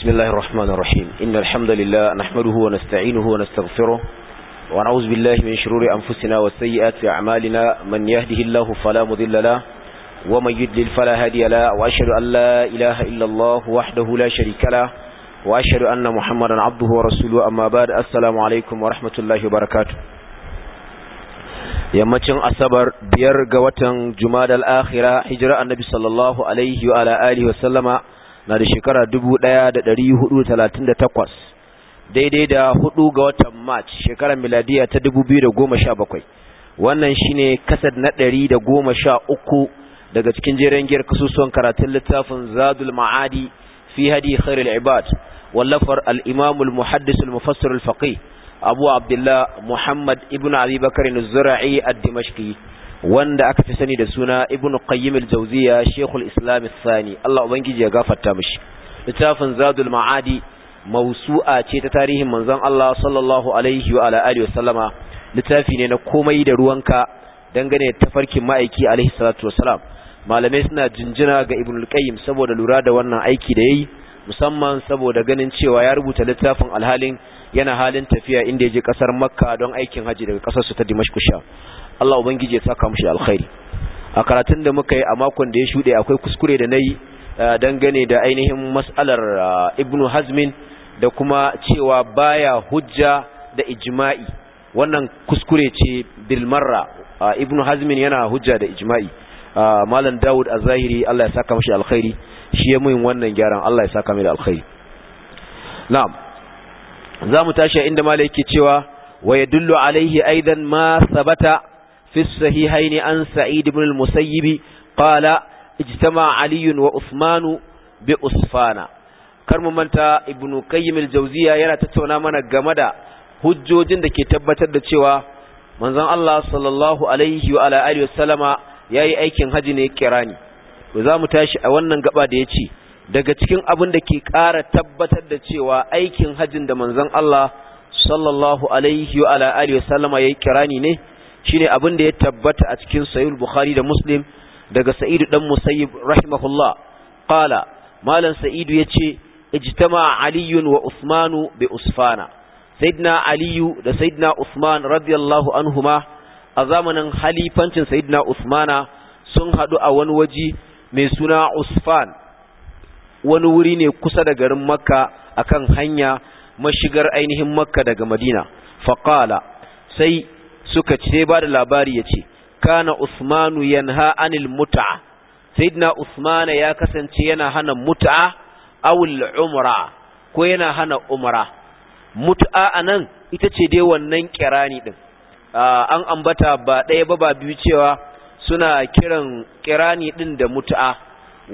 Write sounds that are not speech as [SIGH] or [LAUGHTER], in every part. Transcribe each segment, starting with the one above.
بسم الله الرحمن الرحيم إن الحمد لله نحمده ونستعينه ونستغفره ونعوذ بالله من شرور أنفسنا وسيئات أعمالنا من يهده الله فلا مضل له ومن يدلل فلا هادي له وأشهد أن لا إله إلا الله وحده لا شريك له وأشهد أن محمدا عبده ورسوله أما بعد السلام عليكم ورحمة الله وبركاته yammacin asabar biyar ga watan jumadal akhira hijira annabi sallallahu alaihi wa ala alihi wa sallama na da shekara 1438 daidai da hudu ga watan march shekarar miladiya ta 2017 wannan shine kasad na 113 daga cikin jeren giyar kasusuwan karatun littafin zadul ma'adi fi hadi khairul ibad wallafar al-imam al-muhaddis al-mufassir al-faqih abu abdullah muhammad ibnu abi bakr az-zura'i ad-dimashqi wanda aka fi sani da suna ibn qayyim al-jawziya shaykhul islam al-thani Allah ubangiji ya gafarta mishi littafin zadul ma'adi mawsu'a ce ta tarihin manzon Allah sallallahu alaihi wa alihi wasallama littafi ne na komai da ruwanka dangane da tafarkin ma'aiki alaihi salatu wasalam malamai suna jinjina ga ibn al-qayyim saboda lura da wannan aiki da yayi musamman saboda ganin cewa ya rubuta littafin alhalin yana halin tafiya inda ya je kasar makka don aikin haji daga kasar su ta dimashkusha Allah ubangiji ya saka mushi alkhairi a karatun da muka yi a makon da ya shuɗe akwai kuskure da na yi dangane da ainihin mas'alar ibnu Hazmin da kuma cewa baya hujja da ijma'i wannan kuskure ce bilmarra ibnu Hazmin yana hujja da ijma'i malam Dawud a zahiri Allah ya saka mushi alkhairi shi ya mun wannan gyaran Allah ya saka mai alkhairi na'am zamu tashi inda malai yake cewa wa yadullu alaihi aidan ma sabata في الصحيحين عن سعيد بن المسيب قال اجتمع علي وعثمان بأصفان كرم تا ابن قيم الجوزية yana tattauna mana game da hujjojin da ke tabbatar da cewa manzon Allah sallallahu alaihi wa alihi yayi aikin haji ne kirani za zamu tashi a wannan gaba da yace daga cikin abin da ke ƙara tabbatar da cewa aikin hajin da manzon Allah sallallahu alaihi wa alihi wasallama yayi kirani ne shine abin da ya tabbata a cikin sahih bukhari da muslim daga sa'idu dan musayyib rahimahullah qala malam sa'idu yace ijtama aliyun wa usmanu bi usfana sayyidina aliyu da sayyidina usman radiyallahu anhuma a zamanin halifancin sayyidina usmana sun hadu a wani waje mai suna usfan wani wuri ne kusa da garin makka akan hanya mashigar ainihin makka daga madina faqala sai suka ce ba da labari ya ce kana usmanu yanha anil mut'a sayyidina usmana ya kasance yana hana mut'a awul umra ko yana hana umra mut'a anan ita ce dai wannan kirani din an ambata ba ɗaya ba ba biyu cewa suna kiran kirani din da mut'a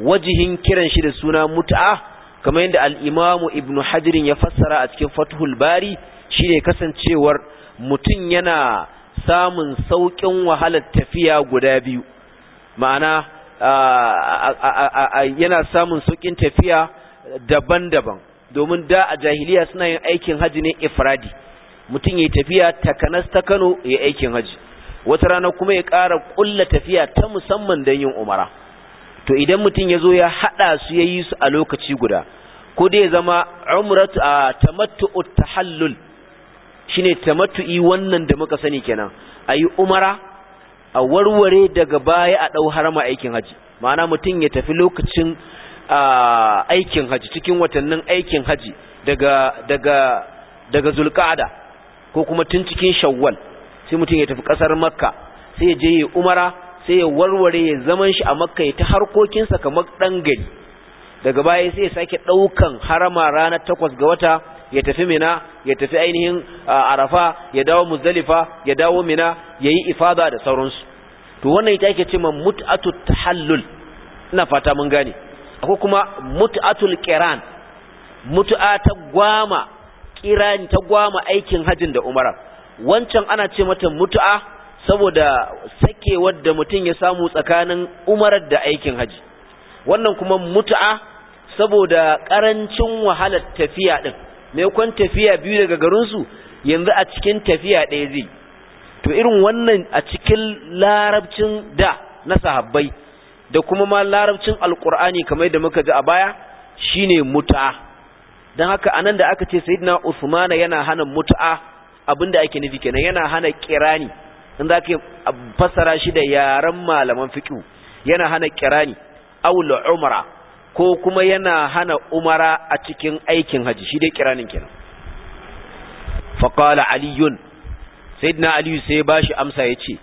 wajihin kiran shi da suna mut'a kamar yadda al'imamu Ibn ibnu hajirin ya fassara a cikin fathul bari shine kasancewar mutum yana samun sauƙin wahalar tafiya guda biyu ma'ana yana samun sauƙin tafiya daban-daban domin da a jahiliya suna yin aikin haji ne ifradi mutum ya tafiya takanas ta kano ya aikin haji wata rana kuma ya ƙara ƙulla tafiya ta musamman don yin umara to idan mutum ya zo ya haɗa su ya yi su a lokaci guda ko dai ya zama umratu a tamattu'ut tahallul shine tamattu'i wannan da muka sani kenan ayi umara a warware daga baya a dau harama aikin haji ma'ana mutum ya tafi lokacin aikin haji cikin watannin aikin haji daga daga daga zulqa'ada ko kuma tun cikin shawwal sai mutum ya tafi kasar makka sai ya je ya umara sai ya warware ya zaman shi a makka ya ta harkokinsa kamar ɗan gari daga baya sai ya sake daukan harama rana takwas ga wata ya tafi mina ya tafi ainihin arafa ya dawo muzdalifa ya dawo mina ya yi ifada da sauransu to wannan ita ake cewa mut'atu tahallul ina fata mun gane akwai kuma mut'atul qiran mut'a ta gwama qiran ta gwama aikin hajin da umara wancan ana ce mata mut'a saboda sakewar da mutum ya samu tsakanin umarar da aikin haji wannan kuma mut'a saboda ƙarancin wahalar tafiya din. kwan tafiya biyu daga garinsu yanzu a cikin tafiya ɗaya zai to irin wannan a cikin larabcin da na sahabbai da kuma ma larabcin alkur'ani kamar da muka ji a baya shine mut'a don haka anan da aka ce sayyidina usmana yana hana mut'a abinda ake nufi kenan yana hana kirani in za ka fassara shi da yaren malaman fiqh yana hana kirani aw umra ko kuma yana hana umara a cikin aikin haji shi dai kiranin kenan faqala aliyun sayyidina aliyu sai bashi amsa yace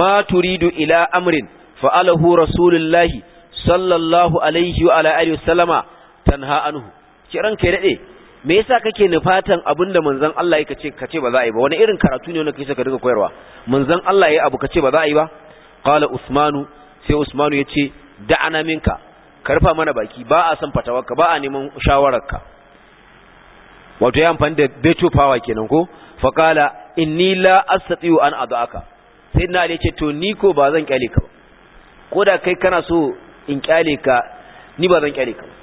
ma turidu ila amrin fa'alahu rasulullahi sallallahu alaihi wa ala alihi wasallama tanha anhu kiran kai dade me yasa kake nufatan abinda manzon Allah yake ce kace ba za a yi ba wani irin karatu ne wanda kai saka duka koyarwa manzon Allah yayi abu kace ba za a yi ba qala usmanu sai usmanu yace da'ana minka karfa mana baki ba a son fatawarka ba a neman shawararka wato ya amfani da beto power kenan ko faqala inni la astati'u an ad'aka sai na da ce to ni ko ba zan kyale ka ba ko da kai kana so in kyale ka ni ba zan kyale ka ba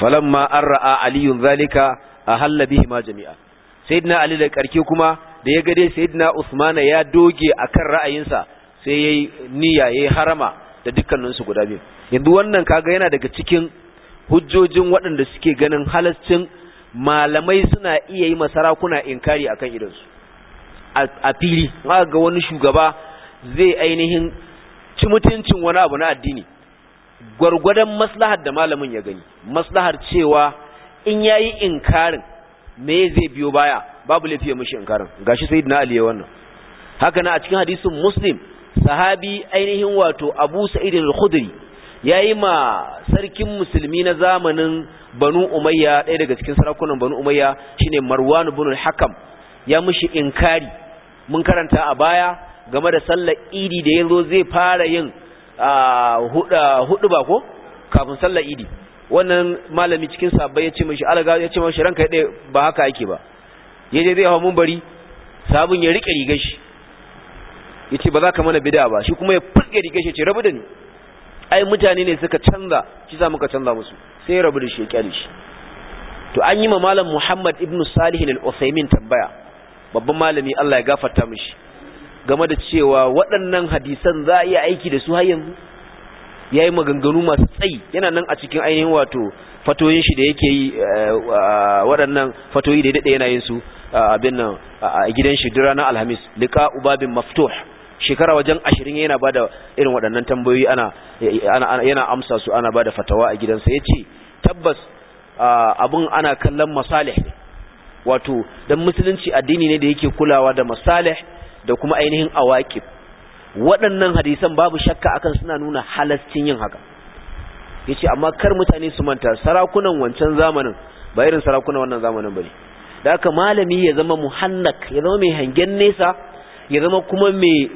falamma arra'a aliyun zalika ahalla bihi ma jami'a sayyidina ali da karke kuma da ya gade sayyidina usman ya doge akan ra'ayinsa sai yayi niyya yayi harama da dukkaninsu guda biyu yanzu wannan kaga yana daga cikin hujjojin waɗanda suke ganin halascin malamai suna iya yi masarakuna inkari akan idansu a fili ma ga wani shugaba zai ainihin ci mutuncin wani abu na addini gwargwadon maslahar da malamin ya gani maslahar cewa in ya yayi inkarin me zai biyo baya babu laifi ya mishi inkarin gashi sayyidina ali ya wannan haka na a cikin hadisin muslim sahabi ainihin wato abu sa'idin al-khudri ya yi ma sarkin musulmi na zamanin banu umayya ɗaya daga cikin sarakunan banu umayya shine marwan bin hakam ya mushi inkari mun karanta a baya game da sallar idi da yanzu zai fara yin hudu ba ko kafin sallar idi wannan malami cikin sabbai ya ce mishi alaga ya ce mishi ranka ɗaya, ba haka yake ba je zai hawo mun bari sabun ya rike rigar shi yace ba za ka mana bid'a ba shi kuma ya furge rigar shi ce rabu da ni ai mutane ne suka canza shi za muka canza musu sai rabu da shi kyale shi to an yi ma malam Muhammad ibn Salih al-Utsaimin tambaya babban malami Allah ya gafarta mishi game da cewa waɗannan hadisan za a iya aiki da su har yanzu yayi maganganu masu tsayi yana nan a cikin ainihin wato fatoyin shi da yake yi eh, waɗannan fatoyi da ya daɗe yana su abin a gidan shi duk ranar alhamis liqa babin maftuh shekara wajen ashirin yana ba da irin waɗannan tambayoyi yana amsa su ana ba da fatawa a gidansa ya ce tabbas abin ana kallon masalih ne wato don musulunci addini ne da yake kulawa da masalih da kuma ainihin awakif waɗannan hadisan babu shakka akan suna nuna halascin yin haka ya ce amma kar mutane su manta sarakunan wancan zamanin ba irin sarakunan wannan zamanin ba ne da aka malami ya zama muhannak ya zama mai hangen nesa ya zama kuma mai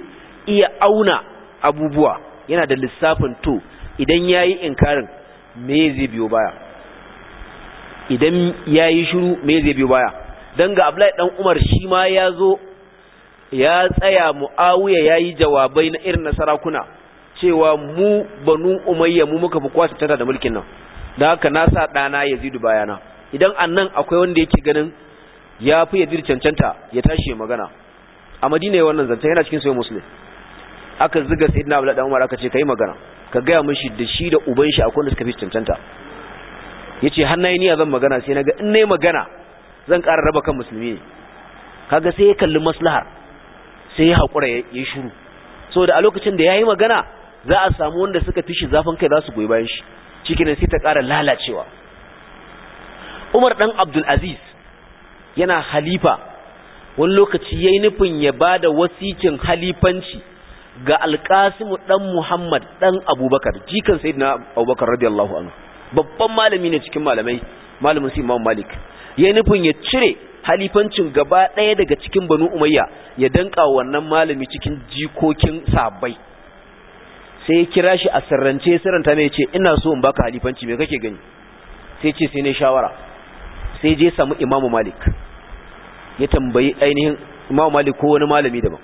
iya auna abubuwa yana da lissafin to idan ya yi inkarin me zai biyo baya idan ya yi shuru me zai biyo baya don ga abu dan umar shi ma ya zo ya tsaya mu'awiya ya yi jawabai na irin nasarakuna kuna cewa mu banu umayya mu muka fi kwasa tata da mulkin nan da haka na sa ɗana ya zidu bayana idan annan akwai wanda yake ganin ya fi yadir cancanta ya tashi magana a madina wannan zance yana cikin sai musulun. aka ziga sayyidina abdullahi dan umar aka ce ka yi magana ka gaya mashi da shi da uban shi akwai da suka fi cancanta yace har yi niyya zan magana sai na in yi magana zan ƙara raba kan musulmi ne kaga sai ya kalli maslahar sai ya haƙura ya shiru da a lokacin da ya yi magana za a samu wanda suka fi shi zafin kai za su goyi bayan shi cikin sai ta ƙara lalacewa Umar ɗan Abdulaziz yana halifa wani lokaci ya yi nufin ya ba da wasikin halifanci ga alkasimu dan muhammad dan abubakar jikan sayyidina abubakar radiyallahu anhu babban malami ne cikin malamai malamin su imam malik ya nufin ya cire halifancin gaba ɗaya daga cikin banu umayya ya danka wannan malami cikin jikokin sabai sai ya kira shi a sarrance saranta sirranta ne ce ina so in baka halifanci me kake gani sai ce sai ne shawara sai je samu imam malik ya tambayi ainihin imam malik ko wani malami daban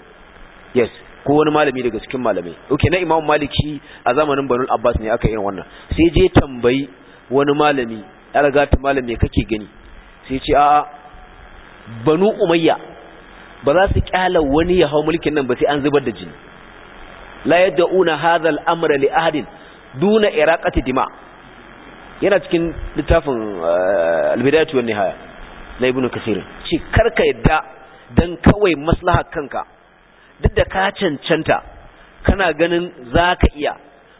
yes ko wani malami daga cikin malamai okay na Imam Maliki a zamanin Banu Abbas ne aka irin wannan sai je tambayi wani malami algata malam me kake gani sai ce a'a Banu Umayya ba za su kyala wani ya hau mulkin nan ba sai an zubar da jini la yad'una hadha al-amra li ahadin duna iraqati dima yana cikin littafin eh, al-bidayatu wan nihaya la ibn kar shi karka yadda dan kawai maslaha kanka duk da ka cancanta kana ganin za ka iya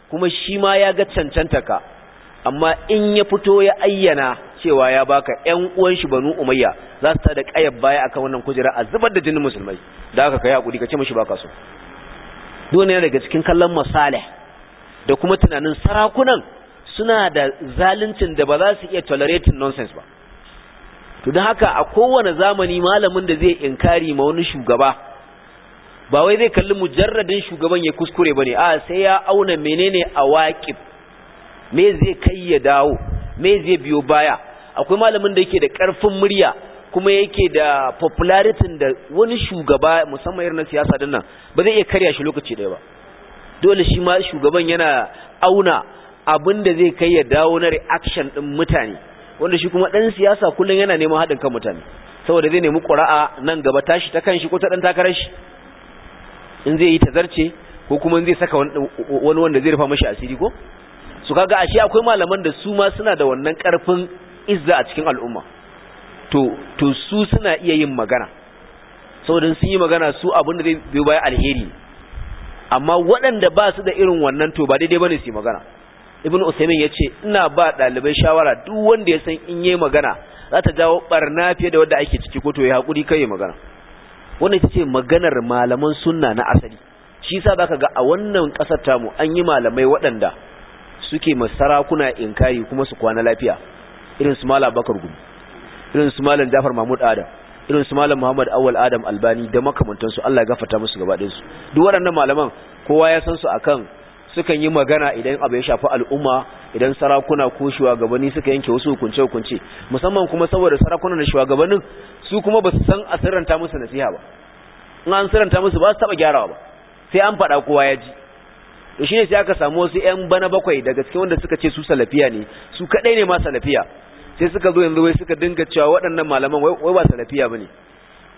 kuma shi ma ya ga cancanta ka amma in ya fito ya ayyana cewa ya baka ƴan uwan shi banu umayya za su tada kayar baya akan wannan kujera a zubar da jinin musulmai da haka kai hakuri ka ce mishi baka so dole daga cikin kallon masale da kuma tunanin sarakunan suna da zaluncin da ba za su iya tolerating nonsense ba to don haka a kowane zamani malamin da zai inkari ma wani shugaba ba wai zai kalli mujarradin shugaban ya kuskure ba ne a sai ya auna menene a waƙif me zai kai ya dawo me zai biyo baya akwai malamin da yake da ƙarfin murya kuma yake da popularity da wani shugaba musamman irin na siyasa din nan ba zai iya karya shi lokaci daya ba dole shi ma shugaban yana auna abin da zai kai ya dawo na reaction ɗin mutane wanda shi kuma ɗan siyasa kullun yana neman haɗin kan mutane saboda zai nemi ƙura'a nan gaba tashi ta kan shi ko ta dan takarar shi in zai yi zarce ko kuma in zai saka wani wanda zai rufa mashi asiri ko su kaga ashe akwai malaman da su ma suna da wannan karfin izza a cikin al'umma to to su suna iya yin magana saboda sun yi magana su abin da zai biyo baya alheri amma waɗanda ba su da irin wannan to ba daidai bane su yi magana ibn usaimin ya ce ina ba ɗalibai shawara duk wanda ya san in yi magana za ta jawo ɓarna fiye da wanda ake ciki ko to ya haƙuri kai magana wannan ita ce maganar malaman sunna na asali shi sa zaka ga a wannan kasar tamu an yi malamai waɗanda suke sarakuna inkari kuma su kwana lafiya irin su malam bakar gumi irin su malam jafar mahmud adam irin su malam muhammad awal adam albani da makamantansu allah ya gafarta musu gaba ɗinsu duk waɗannan malaman kowa ya san su akan sukan yi magana idan abu ya shafi al'umma idan sarakuna ko shugabanni suka yanke wasu hukunce-hukunce musamman kuma saboda sarakuna da shugabannin su kuma ba su san a sirranta musu nasiha ba in an siranta musu ba su taɓa gyarawa ba sai an faɗa kowa ya ji to shine sai aka samu wasu yan bana bakwai daga cikin wanda suka ce su salafiya ne su kaɗai ne ma salafiya sai suka zo yanzu wai suka dinga cewa waɗannan malaman wai ba salafiya bane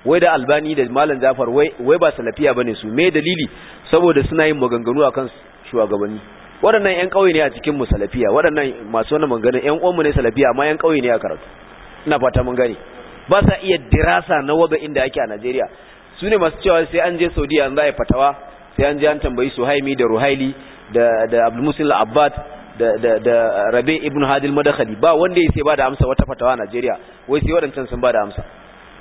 wai da albani da malam zafar wai ba salafiya bane su me dalili saboda suna yin maganganu akan shugabanni waɗannan yan ƙauye ne a cikin mu salafiya waɗannan masu wani maganin 'yan uwanmu ne salafiya amma 'yan ƙauye ne a karatu ina fata mun gani ba sa iya dirasa na waga inda ake a Najeriya su ne masu cewa sai an je Saudiya an za a yi fatawa sai an je an tambayi Suhaimi da Ruhaili da da Abdul Abbad da da Rabi ibn Hadil Madakali ba wanda ya sai ba da amsa wata fatawa a Najeriya wai sai waɗancan sun ba da amsa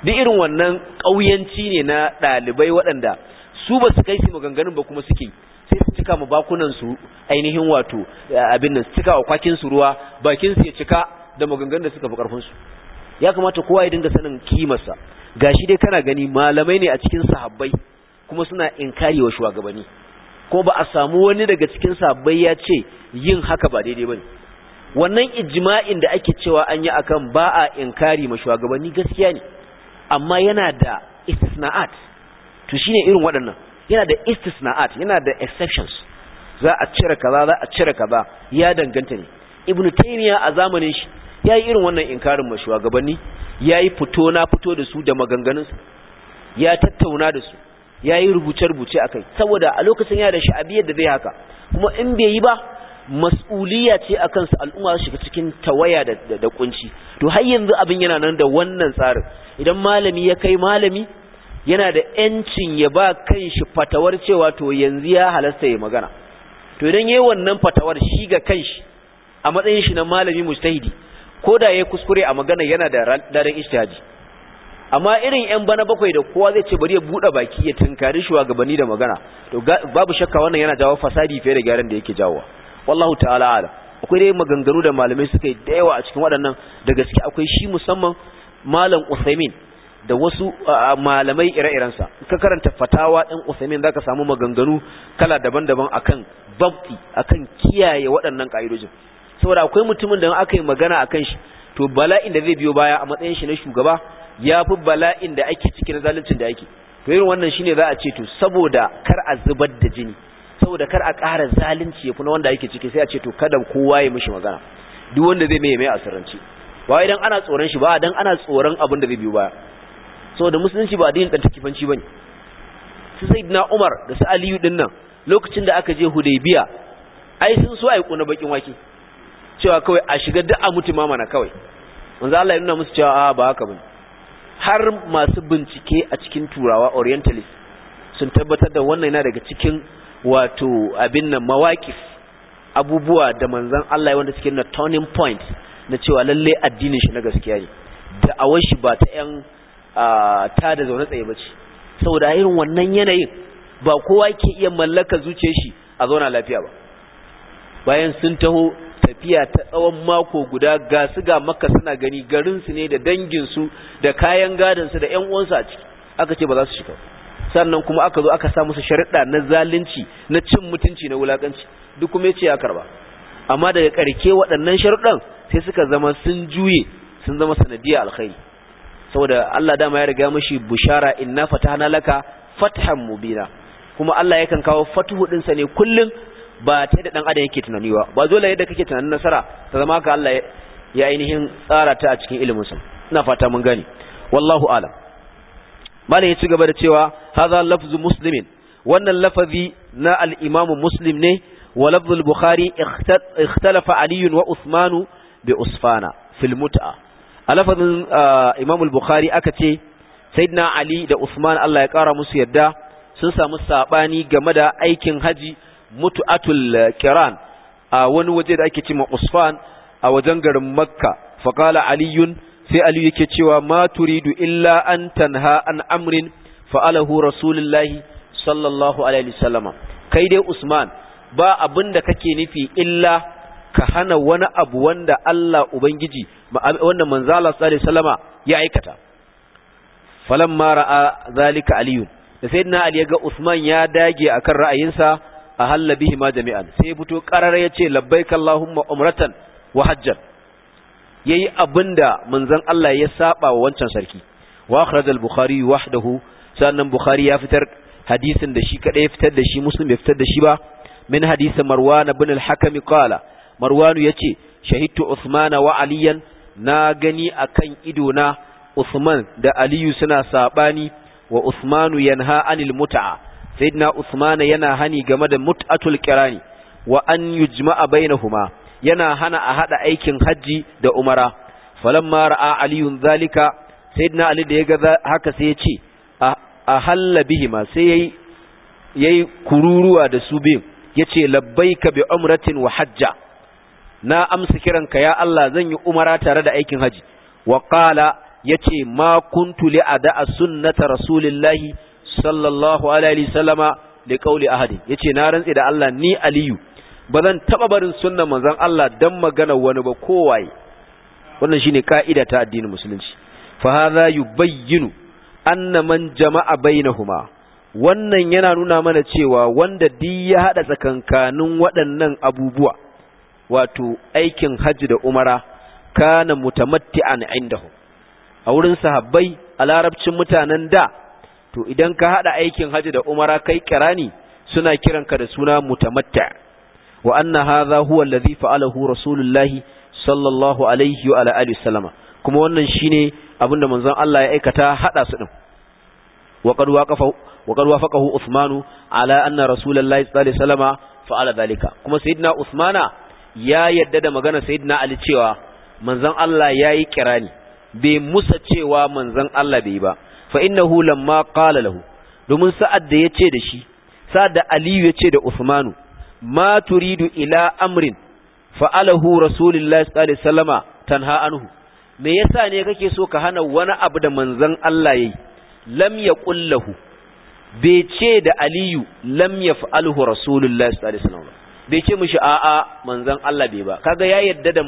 duk irin wannan ƙauyanci ne na ɗalibai waɗanda su ba su kai su maganganun ba kuma suke sai su cika ma bakunan ainihin wato eh, abin nan su cika wa kwakin ruwa bakin su ya cika da maganganun da suka fi karfin su ya kamata kowa ya dinga sanin kimarsa gashi dai kana gani malamai ne a cikin sahabbai kuma suna inkari wa shugabanni ko ba a samu wani daga cikin sahabbai ya ce yin haka ba daidai bane wannan ijma'in da ake cewa an yi akan ba a inkari ma shugabanni gaskiya ne amma yana da istisna'at to shine irin waɗannan yana da istisna'at yana da exceptions za a cire kaza za a cire kaza ya danganta ne ibnu taymiya a zamanin shi yayi irin wannan inkarin ma shugabanni yayi fito na fito da su da maganganun su ya tattauna da su yayi rubuce rubuce akai saboda a lokacin ya da shi biyar da zai haka kuma in bai yi ba mas'uliya ce akan su al'umma su shiga cikin tawaya da da kunci to har yanzu abin yana nan da wannan tsarin idan malami ya kai malami yana da ƴancin ya ba kanshi fatawar cewa to yanzu ya halasta ya magana to idan yayi wannan fatawar shi ga kanshi a matsayin shi na malami mujtahidi ko da ya kuskure a magana yana da daren ijtihadi amma irin ƴan bana bakwai da kowa zai ce bari ya buɗe baki ya tunkari gabani da magana to babu shakka wannan yana jawo fasadi fiye da gyaran da yake jawo wallahu ta'ala ala akwai dai maganganu da malamai suka yi da yawa a cikin waɗannan da gaske akwai shi musamman malam Uthaymin da wasu malamai ire-irensa ka karanta fatawa ɗan usamin za ka samu maganganu kala daban-daban akan babti akan kiyaye waɗannan ƙa'idojin saboda akwai mutumin da aka yi magana akan shi to bala'in da zai biyo baya a matsayin shi na shugaba ya fi bala'in da ake na zaluncin da ake to yin wannan shine za a ce to saboda kar a zubar da jini saboda kar a ƙara zalunci ya fi na wanda ake ciki sai a ce to kada kowa ya mishi magana duk wanda zai mai mai asirance ba idan ana tsoron shi ba dan ana tsoron abin da zai biyo baya saboda musulunci ba addinin kanta kifanci bane su sayyidina Umar da su Aliyu din lokacin da aka je Hudaybiya ai sun so ai kuna bakin wake cewa kawai a shiga duk a mutuma mamana kawai manzo Allah ya nuna musu cewa a ah, ba haka bane har masu bincike a cikin turawa orientalist sun tabbatar da wannan yana daga cikin wato abin nan mawakif abubuwa da manzon Allah wanda suke na turning point na cewa lalle addinin shi na gaskiya ne da awashi ba ta yan ta da zaune tsaye bace saboda irin wannan yanayin ba kowa ke iya mallaka zuciyar shi a zauna lafiya ba bayan sun taho tafiya ta tsawon mako guda ga su ga makka suna gani garin su ne da dangin su da kayan gadon su da ƴan uwansu a ciki aka ce ba za su shiga sannan kuma aka zo aka sa musu sharuɗa na zalunci na cin mutunci na wulakanci duk kuma yace ya karba amma daga karke waɗannan sharuɗan sai suka zama sun juye sun zama sanadiyar alkhairi saboda Allah dama ya riga mishi bushara inna fatahna laka fathan mubina kuma Allah yakan kawo fatuhu din ne kullum ba ta da dan adam yake tunani ba ba zo yadda kake tunanin nasara ta zama ka Allah ya ainihin tsara ta a cikin ilimin sa ina fata mun gani wallahu alam malai ya ci gaba da cewa hadha lafzu muslimin wannan lafazi na al-imam muslim ne wa lafzul bukhari ikhtalafa ali wa usmanu bi usfana fil mut'a a lafazin Imam bukhari aka ce Sayyidina Ali da Usman Allah ya kara musu yadda sun samu sabani game da aikin haji mutu'atul kiran a wani waje da ake cewa Usfan a wajen garin Makka faqala aliyun sai Ali yake cewa ma turidu illa an tanha an amrin fa'alahu rasulullahi sallallahu alaihi kai dai Usman ba abin da kake nufi illa ka hana wani abu wanda Allah ubangiji wanda Manzala sallallahu ya aikata falamma ra'a zalika aliyu da sayyidina ali ya ga usman ya dage akan ra'ayinsa a halla hima jami'an sai buto fito ya ce labbaik allahumma umratan wa hajjan yayi abinda manzan Allah ya saba wa wancan sarki wa akhraj al-bukhari wahdahu sannan bukhari ya fitar hadisin da shi kaɗai ya fitar da shi muslim ya fitar da shi ba min hadisa marwan ibn al-hakam marwanu ya ce shahidtu usmana wa aliyan na gani a kan idona usman da aliyu suna saɓani wa usmanu yanha anil sai na usmana yana hani game da mut'atul kirani wa an yujma'a bainahuma yana hana a haɗa aikin hajji da umara falamma ra'a aliyun zalika na ali da ya ga haka sai ya ce a halla bihima sai ya yi kururuwa da su biyu yace ka bi umratin wa hajja na amsa kiranka ya Allah zan yi umara tare da aikin haji wa qala yace ma kuntu li ada sunnata rasulillahi sallallahu alaihi wasallama li qawli ahadi yace na rantsi da Allah ni aliyu bazan taba barin sunnan manzon Allah dan magana wani ba kowaye wannan shine kaida ta addinin musulunci fa hadha yubayyinu anna man jama'a bainahuma wannan yana nuna mana cewa wanda duk ya hada tsakankanin waɗannan abubuwa wato aikin hajji da umara kana an indahu a wurin sahabbai a larabcin mutanen da to idan ka hada aikin hajji da umara kai kirani suna kiranka da suna mutamatti wa anna hadha huwa alladhi fa'alahu rasulullahi sallallahu alaihi wa alihi wasallama kuma wannan shine abinda manzon Allah ya aikata hada su din wa وقفه وقد wa عثمان على أن ala الله صلى الله عليه وسلم فعل ذلك kuma سيدنا عثمان ya yadda da magana sayyidina ali cewa manzon Allah yayi kirani bai musa cewa manzon Allah bai ba fa innahu lamma qala lahu domin sa'ad da yace da shi sa'ad da ali yace da usmanu ma turidu ila amrin alahu rasulullahi sallallahu alaihi wasallama tanha anhu me yasa ne kake so ka hana wani abu da manzon Allah yayi lam yaqul lahu bai ce da aliyu lam yaf'alhu rasulullahi sallallahu alaihi wasallam bai ce mishi a'a manzan Allah bai ba kaga ya yadda da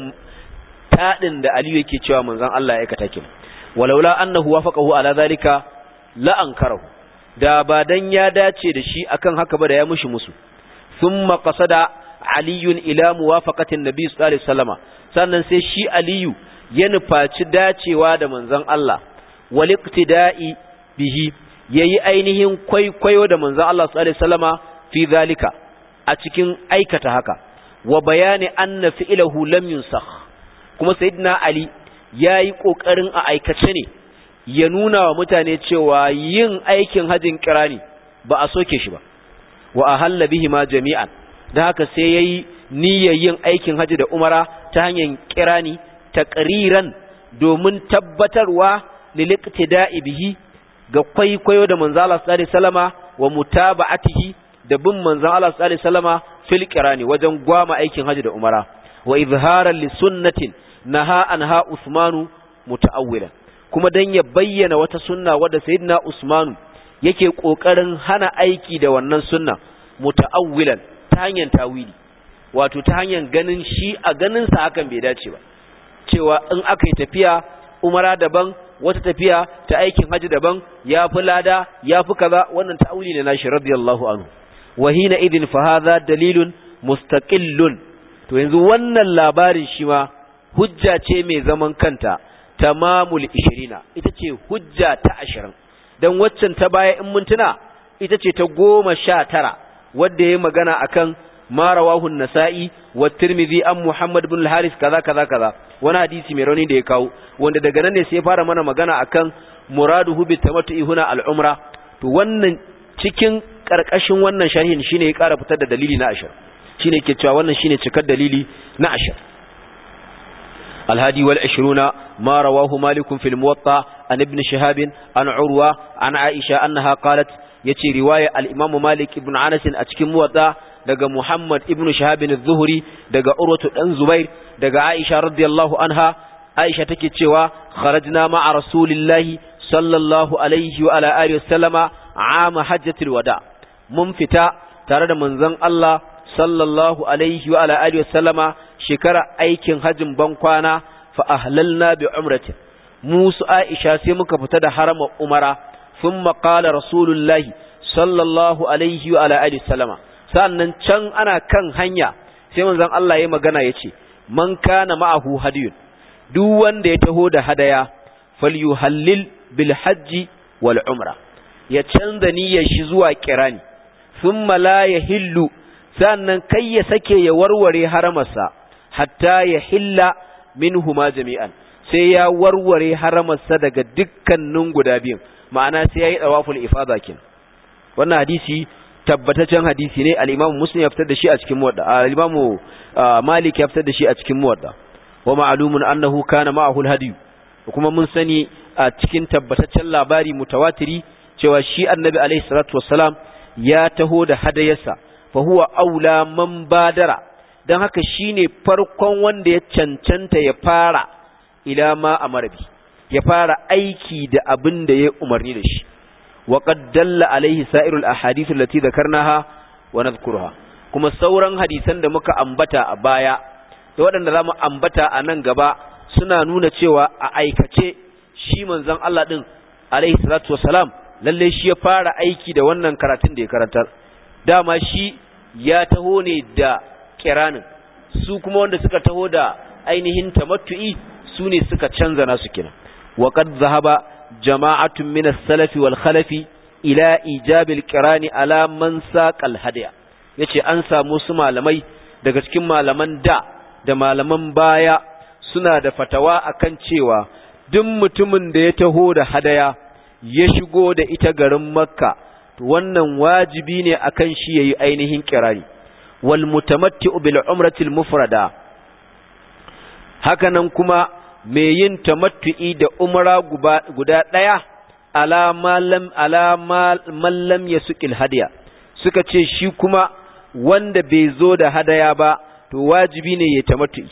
tadin da Ali yake cewa manzan Allah ya aikata kin walaula annahu wafaqahu ala zalika la ankarahu da ba dan ya dace da shi akan haka ba da ya mishi musu thumma qasada aliyun ila muwafaqatin nabi sallallahu alaihi wasallama sannan sai shi aliyu ya nufaci dacewa da manzan Allah wal iqtida'i bihi yayi ainihin kwaikwayo da manzan Allah sallallahu alaihi wasallama fi zalika a cikin aikata haka wa bayani anna fi'luhu lam yunsakh kuma sayyidina ali yayi kokarin a aikace ne ya nuna wa mutane cewa yin aikin hajin kirani ba a soke shi ba wa ahalla bihi ma jami'an da haka sai yayi niyyar yin aikin haji da umara ta hanyar kirani taqriran domin tabbatarwa liliqtida'i bihi ga kwaikwayo da Manzala sallallahu alaihi wasallama wa mutaba'atihi da bin manzon Allah sallallahu alaihi wasallama fil qirani wajen gwama aikin haji da umara wa izharan li sunnatin naha anha usmanu muta'awwilan kuma dan ya bayyana wata sunna wadda sayyidina usmanu yake kokarin hana aiki da wannan sunna muta'awwilan ta hanyar tawili wato ta hanyar ganin shi a ganin sa hakan bai dace ba cewa in aka yi tafiya umara daban wata tafiya ta aikin haji daban ya fi lada ya fi kaza wannan ta'awili ne nashi radiyallahu anhu wahina idin fahaza dalilun mustaqillun to yanzu wannan labarin shi ma hujja ce mai zaman kanta tamamul 20 ita ce hujja ta 20 dan waccan ta baya in tuna ita ce ta 19 wanda yayi magana akan ma rawahu an-nasa'i wa tirmidhi an muhammad ibn al-haris kaza kaza kaza wani hadisi mai rauni da ya kawo wanda daga nan ne sai ya fara mana magana akan muraduhu bi tamattu'i huna al-umra to wannan cikin karkashin wannan sharhin shine ya kara fitar da dalili na ashar shine ke cewa wannan shine cikar dalili na ashar الهادي والعشرون ما رواه مالك في الموطا عن ابن شهاب عن عروة عن عائشة أنها قالت يتي رواية الإمام مالك بن عنس أتكي موطا daga Muhammad ibn Shahab zuhri daga Urwatu dan Zubair daga Aisha radiyallahu anha Aisha take cewa kharajna ma'a Rasulillahi sallallahu alaihi wa ala alihi wasallama 'ama hajjatil wada' mun fita tare da manzon Allah sallallahu alaihi wa alihi wasallama shekara aikin hajjin bankwana fa ahlalna bi umrati musu aisha sai muka fita da harama umara thumma qala rasulullahi sallallahu alaihi wa alihi wasallama sannan can ana kan hanya sai manzon Allah ya magana yace man kana ma'ahu hadiyun duk wanda ya taho da hadaya falyuhallil bil hajji wal umra ya canza niyyar shi zuwa kirani thumma ya yahillu sannan kai ya sake ya warware haramarsa hatta ya hilla minhuma jami'an sai ya warware haramarsa daga dukkanin guda biyun ma'ana sai ya yi dawaful ifada kin wannan hadisi tabbataccen hadisi ne al-Imam Muslim ya fitar da shi a cikin muwadda al-Imam uh, Malik ya fitar da shi a cikin muwadda wa ma'alumun annahu kana ma'ahu al-hadi kuma mun sani a cikin tabbataccen labari mutawatiri cewa shi annabi alaihi salatu wassalam ya taho da hadayarsa fa huwa aula man badara dan haka shine farkon wanda ya cancanta ya fara ila ma amarbi ya fara aiki da abin da ya umarni da shi wa qad dalla alaihi sa'irul ahadith allati dhakarnaha wa nadhkuruha kuma sauran hadisan da muka ambata a baya da waɗanda zamu ambata a nan gaba suna nuna cewa a aikace shi manzon Allah din alaihi salatu wassalam lalle shi ya fara aiki da wannan karatun da ya karantar dama shi ya taho ne da kiranin su kuma wanda suka taho da ainihin tamattu'i su ne suka canza nasu kina wa zahaba jama'atun min as-salafi wal khalafi ila ijabil kirani ala man saqal hadiya yace an samu su malamai daga cikin malaman da da malaman baya suna da fatawa akan cewa duk mutumin da ya taho da hadaya ya shigo da ita garin makka wannan wajibi ne akan shi yayi ainihin kirari wal mutamatti'u bil umratil mufrada hakanan kuma me yin tamattu'i da umra guda daya ala malam ala mallam yasqil hadiya suka ce shi kuma wanda bai zo da hadaya ba to wajibi ne ya tamattu'i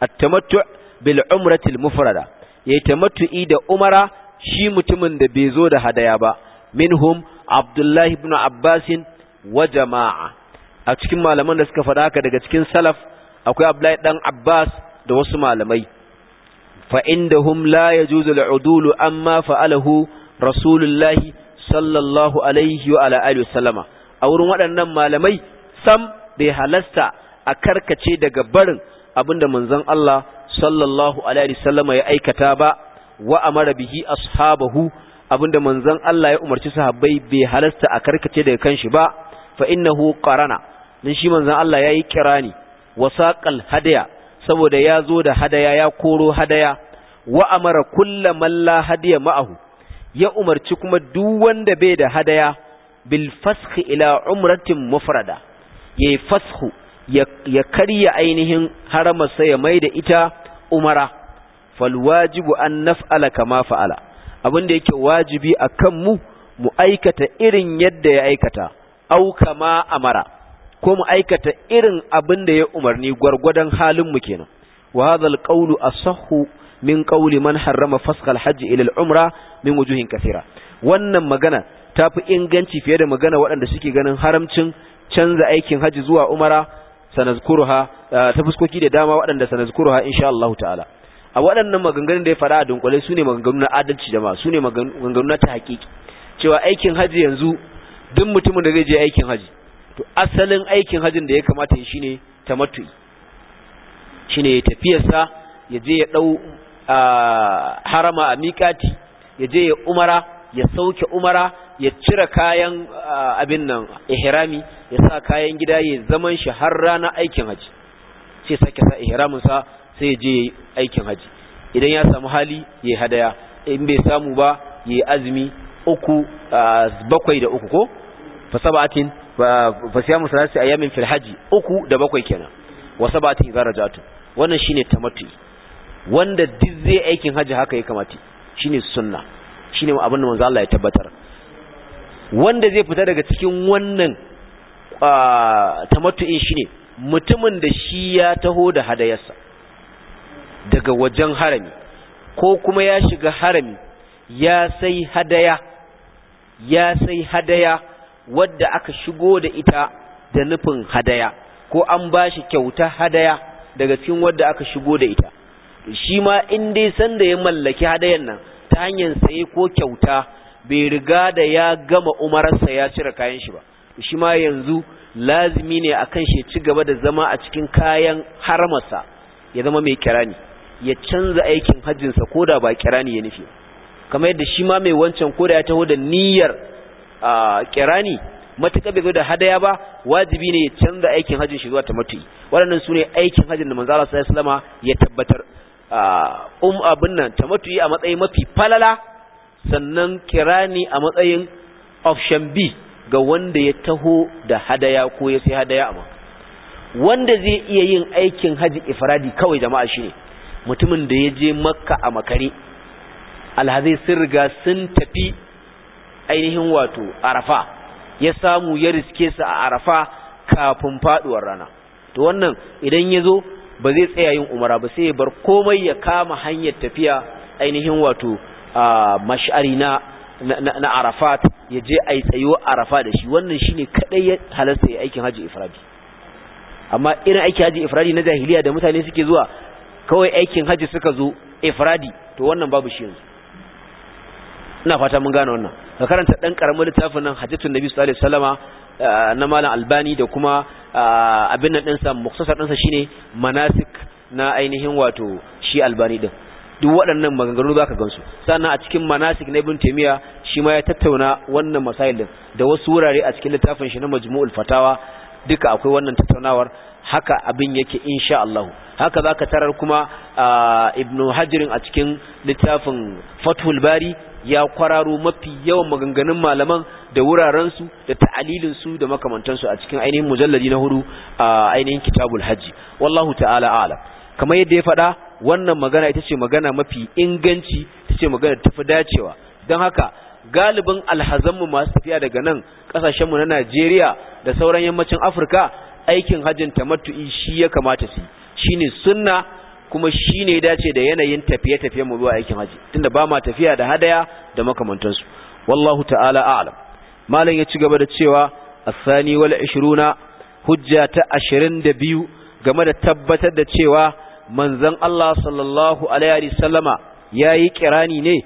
at-tamattu' bil umratil mufrada ya tamattu'i da umara shi mutumin da bai zo da hadaya ba minhum abdullahi ibn abbasin wa jama'a a cikin malaman da suka faɗa haka daga cikin salaf akwai abdullahi dan abbas da wasu malamai fa indahum la yajuzu al'udulu amma fa'alahu rasulullahi sallallahu alaihi wa ala alihi wasallama a wurin waɗannan malamai sam bai halasta a karkace daga barin abinda manzon Allah sallallahu alaihi wasallama ya aikata ba wa amara bihi ashabahu abinda manzon Allah ya umarci sahabbai bai halasta a karkace daga kanshi ba fa innahu qarana dan shi manzon Allah yayi kirani wasaqal hadaya saboda ya zo da hadaya ya koro hadaya wa amara kulla man la hadiya ma'ahu ya umarci kuma duk wanda bai da hadaya bil faskhi ila umratin mufrada yayi fashu ya karya ainihin haramarsa ya maida ita umara falwajibu an naf'ala kama fa'ala abin da yake wajibi a kanmu mu aikata irin yadda ya aikata au kama amara ko mu aikata irin abin da ya umarni gwargwadon halin mu kenan wa hadha alqawlu asahhu min qawli man harrama fasqa alhajj ila alumra min wujuhin kathira wannan magana tafi inganci fiye da magana waɗanda suke ganin haramcin canza aikin hajji zuwa umara sanazkuruha ta fuskoki da dama waɗanda sanazkuruha insha Allah ta'ala a waɗannan maganganun da ya fara a dunkule su ne maganganun na adalci jama'a su ne maganganun na ta hakiki cewa aikin haji yanzu duk mutumin da zai je aikin haji to asalin aikin hajin da ya kamata shi ne tamattu'i shi ne tafiyarsa ya je ya ɗau harama a mikati ya je ya umara ya sauke umara ya cire kayan abin nan ihrami ya sa kayan gida ya zaman shi har rana aikin haji sai sake sa ihraminsa sai je aikin haji idan ya samu hali ya hadaya in bai samu ba ya azumi uku bakwai da uku ko fa sabatin fa siyamu salasi uku da bakwai kenan wa zara jatu wannan shine tamattu wanda duk zai aikin haji haka ya kamata shine sunna shine abin da manzo Allah ya tabbatar wanda zai fita daga cikin wannan tamattu'in shine mutumin da shi ya taho da hadayarsa daga wajen harami ko kuma ya shiga harami ya sai hadaya ya sai hadaya wadda aka shigo da ita da nufin hadaya ko an ba shi kyauta hadaya daga cikin wadda aka shigo da ita shi ma in dai sanda ya mallaki hadayan nan ta hanyar saye ko kyauta bai riga da ya gama umararsa ya cire kayan shi ba shi ma yanzu lazimi ne akan shi ci gaba da zama a cikin kayan haramarsa ya zama mai kirani ya canza aikin hajjinsa ko da ba kirani ya nufi kamar yadda shi ma mai wancan ko da ya taho da niyyar kirani matuƙa bai zo da hadaya ba wajibi ne ya canza aikin hajjin shi zuwa ta tamattu'i waɗannan su ne aikin hajjin da manzara sai sallallahu ya tabbatar um abin nan ta tamattu'i a matsayin mafi falala sannan kirani a matsayin option B ga wanda ya taho da hadaya ko ya sai hadaya amma wanda zai iya yin aikin haji ifradi kawai jama'a shine mutumin da ya je makka a makare alhazai sun riga sun tafi ainihin wato arafa ya samu ya riske su a arafa kafin faduwar rana to wannan idan ya zo ba zai tsaya yin umara ba sai ya bar komai ya kama hanyar tafiya ainihin wato mash'ari na na ya je a yi tsayo arafa da shi wannan shine kadai ya halasta ya aikin haji ifradi amma irin aikin haji ifradi na jahiliya da mutane suke zuwa kawai aikin haji suka zo ifradi to wannan babu shi yanzu ina fata mun gane wannan ka karanta dan karamin littafin nan hajjatun nabi sallallahu alaihi wasallama eh, na malam albani da kuma eh, abin nan dinsa muktasar dinsa shine manasik na ainihin wato shi albani din duk waɗannan maganganu zaka gansu sannan a cikin manasik na ibn taymiya shi ma ya tattauna wannan masail din da wasu wurare a cikin littafin shi na majmu'ul fatawa duka akwai wannan tattaunawar haka abin yake insha Allah haka zaka tarar kuma ibnu hajirin a cikin littafin fathul bari ya kwararo mafi yawan maganganun malaman da wurarensu da ta'alilin su da makamantansu a cikin ainihin mujalladi na hudu a ainihin kitabul hajji wallahu ta'ala alam kamar yadda ya faɗa wannan magana ita ce magana mafi inganci ita ce magana tafi dacewa don haka galibin alhazanmu masu tafiya daga nan ƙasashenmu na najeriya da sauran yammacin afirka aikin hajjin tamattu'i shi ya kamata su shine sunna kuma shine ya dace da yanayin tafiye-tafiye mu zuwa aikin hajji tunda ba ma tafiya da hadaya da makamantansu wallahu ta'ala a'lam malam ya ci gaba da cewa asani wal 20 hujja ta 22 game da tabbatar da cewa manzon Allah sallallahu alaihi wasallama yayi kirani ne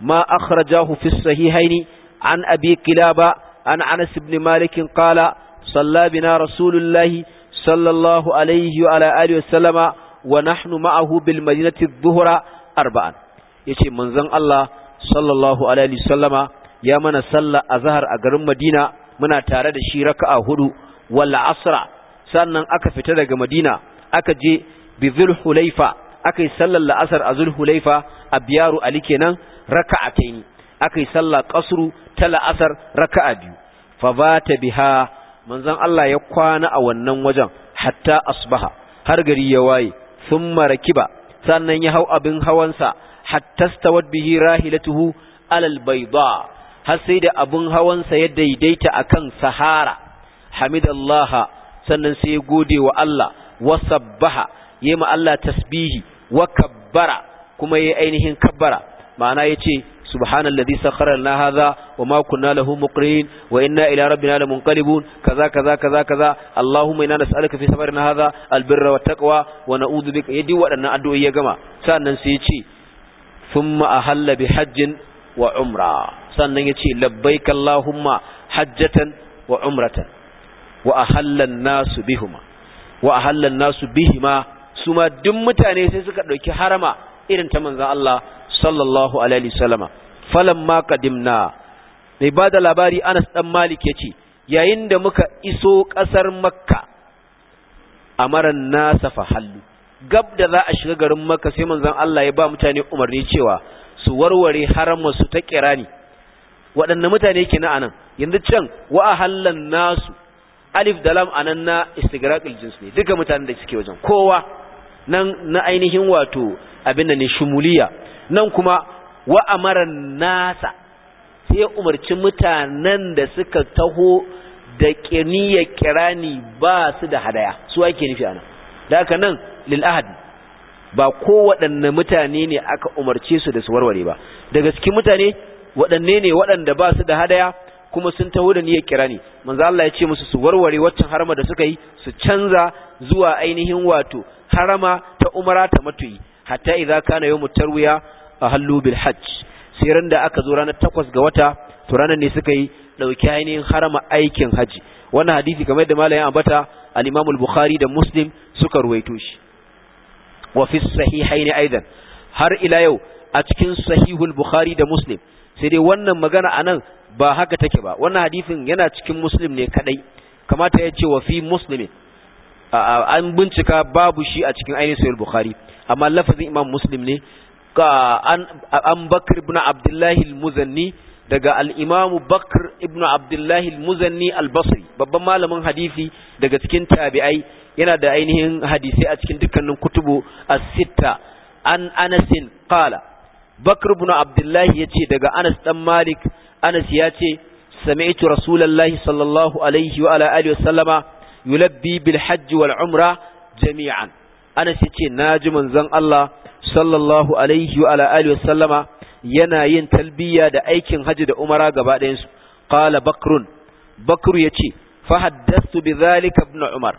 ma akhrajahu fi sahihaini an abi kilaba an anas ibn malik qala صلى بنا رسول الله صلى الله عليه وعلى آله وسلم ونحن معه بالمدينة الظهر أربعا يشي منزن الله صلى الله عليه وسلم يا من صلى أزهر أقرم مدينة من تارد شيرك أهدو والعصر sannan aka fita daga Madina aka je bi Zulhulaifa aka yi sallar la'asar a Zulhulaifa a biyaru Ali kenan raka'ataini aka yi sallar qasru ta la'asar raka'a biyu fa biha manzon Allah ya kwana a wannan wajen hatta asbaha har gari ya waye thumma rakiba sannan ya hau abin hawansa hatta stawat bihi rahilatuhu alal bayda har sai da abin hawansa ya daidaita akan sahara hamidallaha sannan sai ya gode wa Allah wa sabbaha yayi ma Allah tasbihi wa kabbara kuma yayi ainihin kabbara ma'ana yace subhanallazi sakhkhara lana hadha wama kunna lahu muqrin wa inna ila rabbina lamunqalibun kaza kaza kaza kaza allahumma inna nas'aluka fi safarina hadha albirra wattaqwa wa na'udhu bika yadi wadannan addu'o'i ya gama sannan sai ya ce thumma ahalla bi hajjin wa sannan ya ce labbaik allahumma hajjatan wa umratan wa ahalla an-nasu wa nasu bihima suma duk mutane sai suka harama irin ta manzon Allah sallallahu alaihi wasallama falamma qadimna mai bada labari Anas dan Malik ce yayin da muka iso ƙasar Makka amaran nasa fahallu gab da za a shiga garin Makka sai manzan Allah ya ba mutane umarni cewa su warware haramun su ta kirani waɗanne mutane ke na anan yanzu can wa hallan nasu alif da lam anan na istigraqil jins ne duka mutanen da suke wajen kowa nan na ainihin wato abin da ne shumuliya nan kuma wa amaran nasa sai ya umarci mutanen da suka taho da ƙiniya kirani ba su da hadaya su ake nufi anan da haka nan lil ahad ba waɗanne mutane ne aka umarce su da su warware ba daga cikin mutane waɗanne ne waɗanda ba su da hadaya kuma sun taho da niyyar kirani manzo Allah ya ce musu su warware waccan harama da suka yi su canza zuwa ainihin wato harama ta umara ta matuyi hatta idza kana yawmu tarwiya ahallu bil hajj sai ran da aka zo ranar takwas ga wata to ranar ne suka yi dauki ainihin harama aikin haji wannan hadisi kamar da malamin ambata al-Imam al-Bukhari da Muslim suka ruwaito shi wa fi sahihayn aidan har ila yau a cikin sahihul Bukhari da Muslim sai dai wannan magana anan ba haka take ba wannan hadisin yana cikin Muslim ne kadai kamata ya ce wa fi Muslimin an bincika babu shi a cikin ainihin sahihul Bukhari amma lafazin imam muslim ne ka an bakr ibn abdullahi al-muzanni daga al-imam bakr ibn abdullahi al-muzanni al-basri babban malamin hadisi daga cikin tabi'ai yana da ainihin hadisi a cikin dukkanin kutubu as-sitta an anas qala bakr ibn abdullahi yace daga anas dan malik anas yace sami'tu rasulullahi sallallahu alaihi wa ala alihi wa sallama yulabbi bil hajj wal umra jami'an Anas na ji manzon Allah sallallahu alaihi wa ala alihi wasallama yana yin talbiya da aikin haji da umara gaba ɗayan su qala bakrun bakru yace fa haddathtu bi zalika ibn umar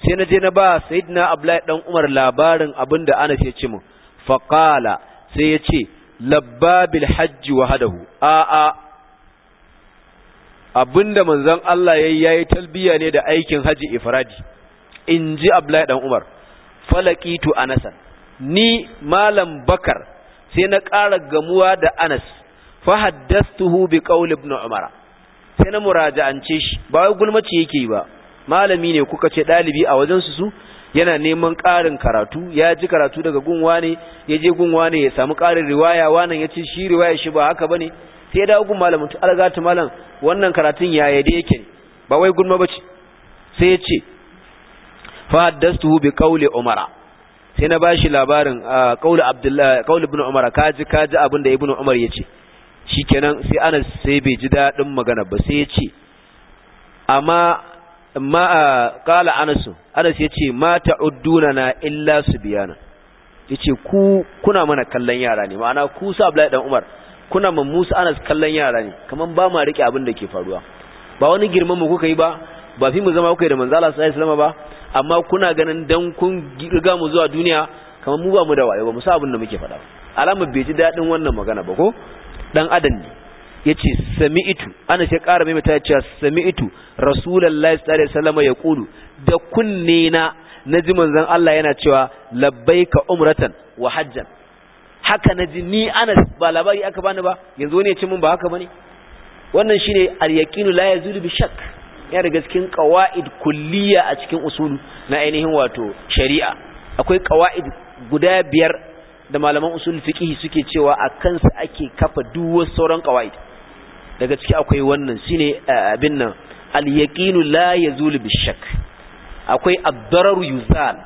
sai na je na ba sayyidina abdullahi dan umar labarin abin da Anas ce mu fa qala sai yace ce bil hajji hadahu, a a abinda manzon Allah yayi yi talbiya ne da aikin haji ifradi inji abdullahi dan umar tu anasan ni malam bakar sai na ƙara gamuwa da anas fa haddastuhu bi qaul ibn umara sai na muraja'ance shi ba wai gulmace yake ba malami ne kuka ce ɗalibi a wajen su su yana neman ƙarin karatu ya ji karatu daga gunwa ne ya je gunwa ne ya samu ƙarin riwaya wannan ya ce shi riwaya shi ba haka bane sai ya dawo gun malamin tu ta malam wannan karatun ya yade yake ne ba wai gulma bace sai ya ce fahaddastuhu bi qawli umara sai na bashi labarin qawli abdullahi qawli ibn umara kaji kaji abin da ibn umar yace shikenan sai Anas sai bai ji dadin magana ba sai yace amma ma qala Anas Anas yace ma ta'udduna na illa subyana yace ku kuna mana kallon yara ne ma'ana ku sa Abdullahi dan Umar kuna mun Musa Anas kallon yara ne kaman ba ma rike abin da ke faruwa ba wani girman mu kuka yi ba ba fi mu zama kuka da manzala sallallahu alaihi wasallam ba amma kuna ganin dan kun riga mu zuwa duniya kamar mu ba mu da wayo ba mu sa abin da muke faɗa alamar bai ji daɗin wannan magana ba ko dan adam ne yace sami'tu ana sai ƙara mai mata cewa sami'tu rasulullahi sallallahu alaihi wasallam ya kulu da kunne na naji manzon Allah yana cewa labbaika umratan wa hajjan haka naji ni Anas ba labari aka bani ba yanzu ne ya ce min ba haka bane wannan shine al-yaqinu la yazulu bi shakk ya daga cikin ƙawa'id kulliya a cikin usul na ainihin wato shari'a akwai ƙawa'id guda biyar da malaman usul fiqh suke cewa a kansu ake kafa duk wasu sauran qawaid daga ciki akwai wannan shine eh, abin nan al yaqinu la bi shakk akwai ad-darar yuzal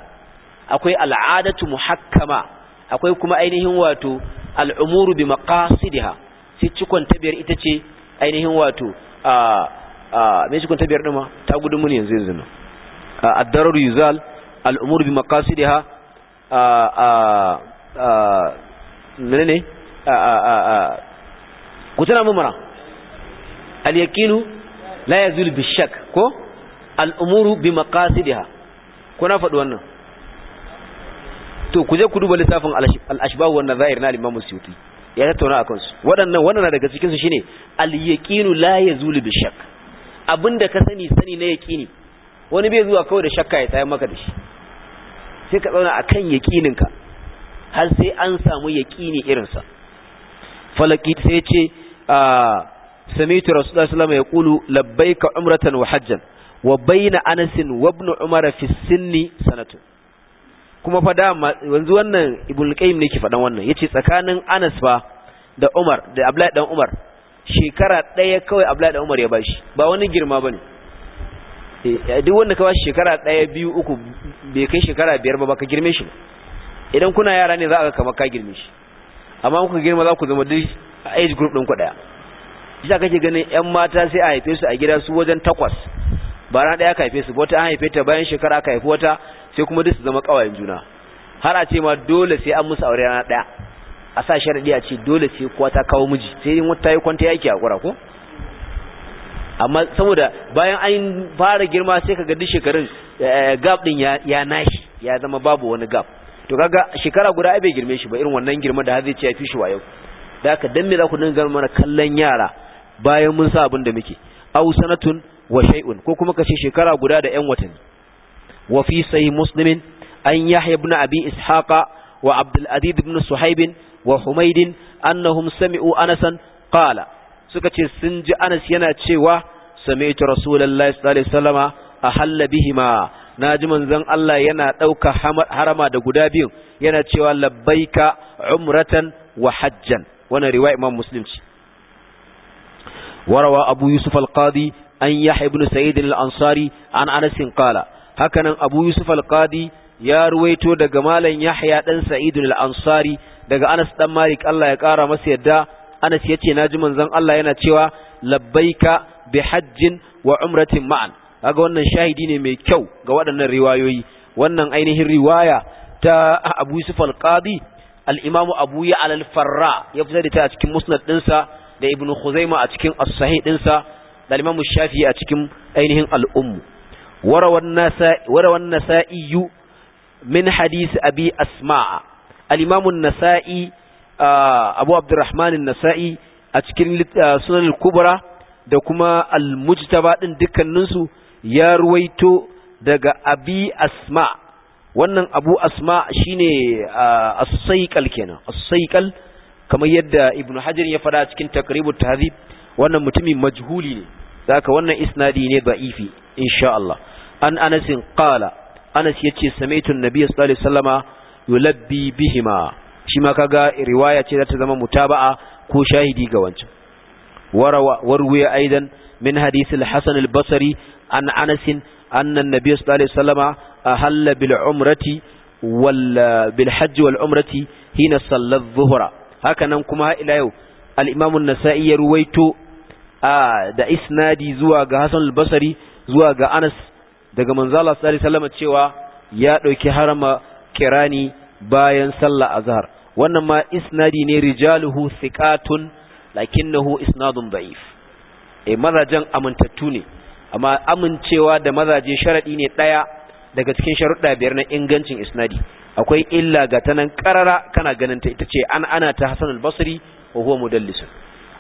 akwai al'adatu muhakkama akwai kuma ainihin wato al'umuru bi maqasidiha sai cikon tabiyar ita ce ainihin wato ah, Ah, me shi kun tabiyar dama ta gudu mun yanzu yanzu ah, ad-darar yuzal al-umur bi maqasidiha a ah, a menene a a a ku tana mun mara al-yaqinu la yazul bi shak ko al-umuru bi maqasidiha kuna faɗi wannan to ku je ku duba lissafin al-ashbah wannan zahir na al-imam ya tattauna akan su waɗannan wannan daga cikin su shine al-yaqinu la yazulu bi shak. abin da ka sani sani na yaƙini wani bai zuwa kawai da shakka ya tsayan maka da shi sai ka zauna akan yaƙininka har sai an samu yaƙini irinsa falaki sai ce a ah, samitu rasulullah sallallahu alaihi wasallam labbai labbaika umratan wa hajjan wa baina anas wa ibn umar fi sinni sanatu kuma fa da wanzu wannan ibnu qayyim ne ke faɗan wannan yace tsakanin anas fa da umar da abdullahi dan umar shekara ɗaya kawai abdullahi da umar ya bashi ba wani girma ba ne eh, duk wanda ka bashi shekara ɗaya biyu uku bai kai shekara biyar ba ka girme shi idan kuna yara ne za a kama ka girme shi amma kuka girma za ku zama duk age group ɗin ku ɗaya shi kake ganin yan mata sai a haife su a gida su wajen takwas ba na ɗaya ka haife su wata an haife ta bayan shekara aka haifi wata sai kuma duk su zama ƙawayen juna har a ce ma dole sai an musu aure rana ɗaya a sa sharadi a ce dole sai kuwa ta kawo miji sai yin wata yi kwanta yaki kura ko amma saboda bayan an fara girma sai ka gadi shekarun eh, gab din ya nashi ya zama babu wani gab. to kaga shekara guda ai bai girme shi ba irin wannan girma da zai ce ya fi shi wayo da haka dan za ku dinga mana kallon yara bayan mun sa abin da muke aw sanatun wa shay'un ko kuma kace shekara guda da ƴan watanni wa fi sahih muslimin an yahya ibn abi ishaqa wa abdul adid ibn suhaib wa humaidin annahum sami'u anasan qala suka ce sun ji anas yana cewa sami'tu rasulullahi a alaihi wasallama ahalla bihima naji manzon Allah yana ɗauka harama da guda biyu yana cewa labbaika umratan wa hajjan wannan riwaya imam muslim ce warawa abu yusuf al-qadi an yahya ibn sa'id an anas qala hakanan abu yusuf al-qadi ya ruwaito daga malam yahya dan sa'id ansari daga Anas dan Malik Allah ya kara masa yadda Anas yace naji manzon Allah yana cewa labbaika bi hajjin wa umratin ma'an kaga wannan shahidi ne mai kyau ga waɗannan riwayoyi wannan ainihin riwaya ta Abu Yusuf al-Qadi al-Imam Abu ya al-Farra ya fitar da ta a cikin musnad dinsa da Ibn Khuzaima a cikin as-sahih dinsa da Imam Shafi'i a cikin ainihin al-Umm warawan nasa'i min hadisi abi asma'a al nasa'i abu abdurrahman nasa'i a cikin sunan kubra da kuma al-mujtaba din dukkaninsu ya ruwaito daga abi asma wannan abu asma shine as kenan as kamar yadda ibnu hajar ya fada cikin taqribut tahdhib wannan mutumin majhuli ne zaka wannan isnadi ne da'ifi insha Allah an Anas qala Anas yace sami'tu an-nabiy sallallahu alaihi wasallama yulabbi bihima shi ma kaga riwaya ce za ta zama mutaba'a ko shahidi ga wancan warawa warwiya aidan min hadith al-hasan al-basri an anas anna an-nabiy sallallahu alaihi wasallama ahalla bil umrati wal bil hajj wal umrati hina dhuhra kuma ila yau al-imam an-nasa'i ya ruwaito da isnadi zuwa ga hasan al-basri zuwa ga anas daga manzala sallallahu alaihi wasallama cewa ya dauki harama ni bayan sallah azhar wannan ma isnadi ne rijaluhu thiqatun lakinnahu isnadun da'if eh mazajen amintattu ne amma amincewa da mazaje sharadi ne daya daga cikin sharuɗa biyar na ingancin isnadi akwai illa ga tanan karara kana ganin ta ita ce an ana ta Hasan al-Basri wa huwa mudallis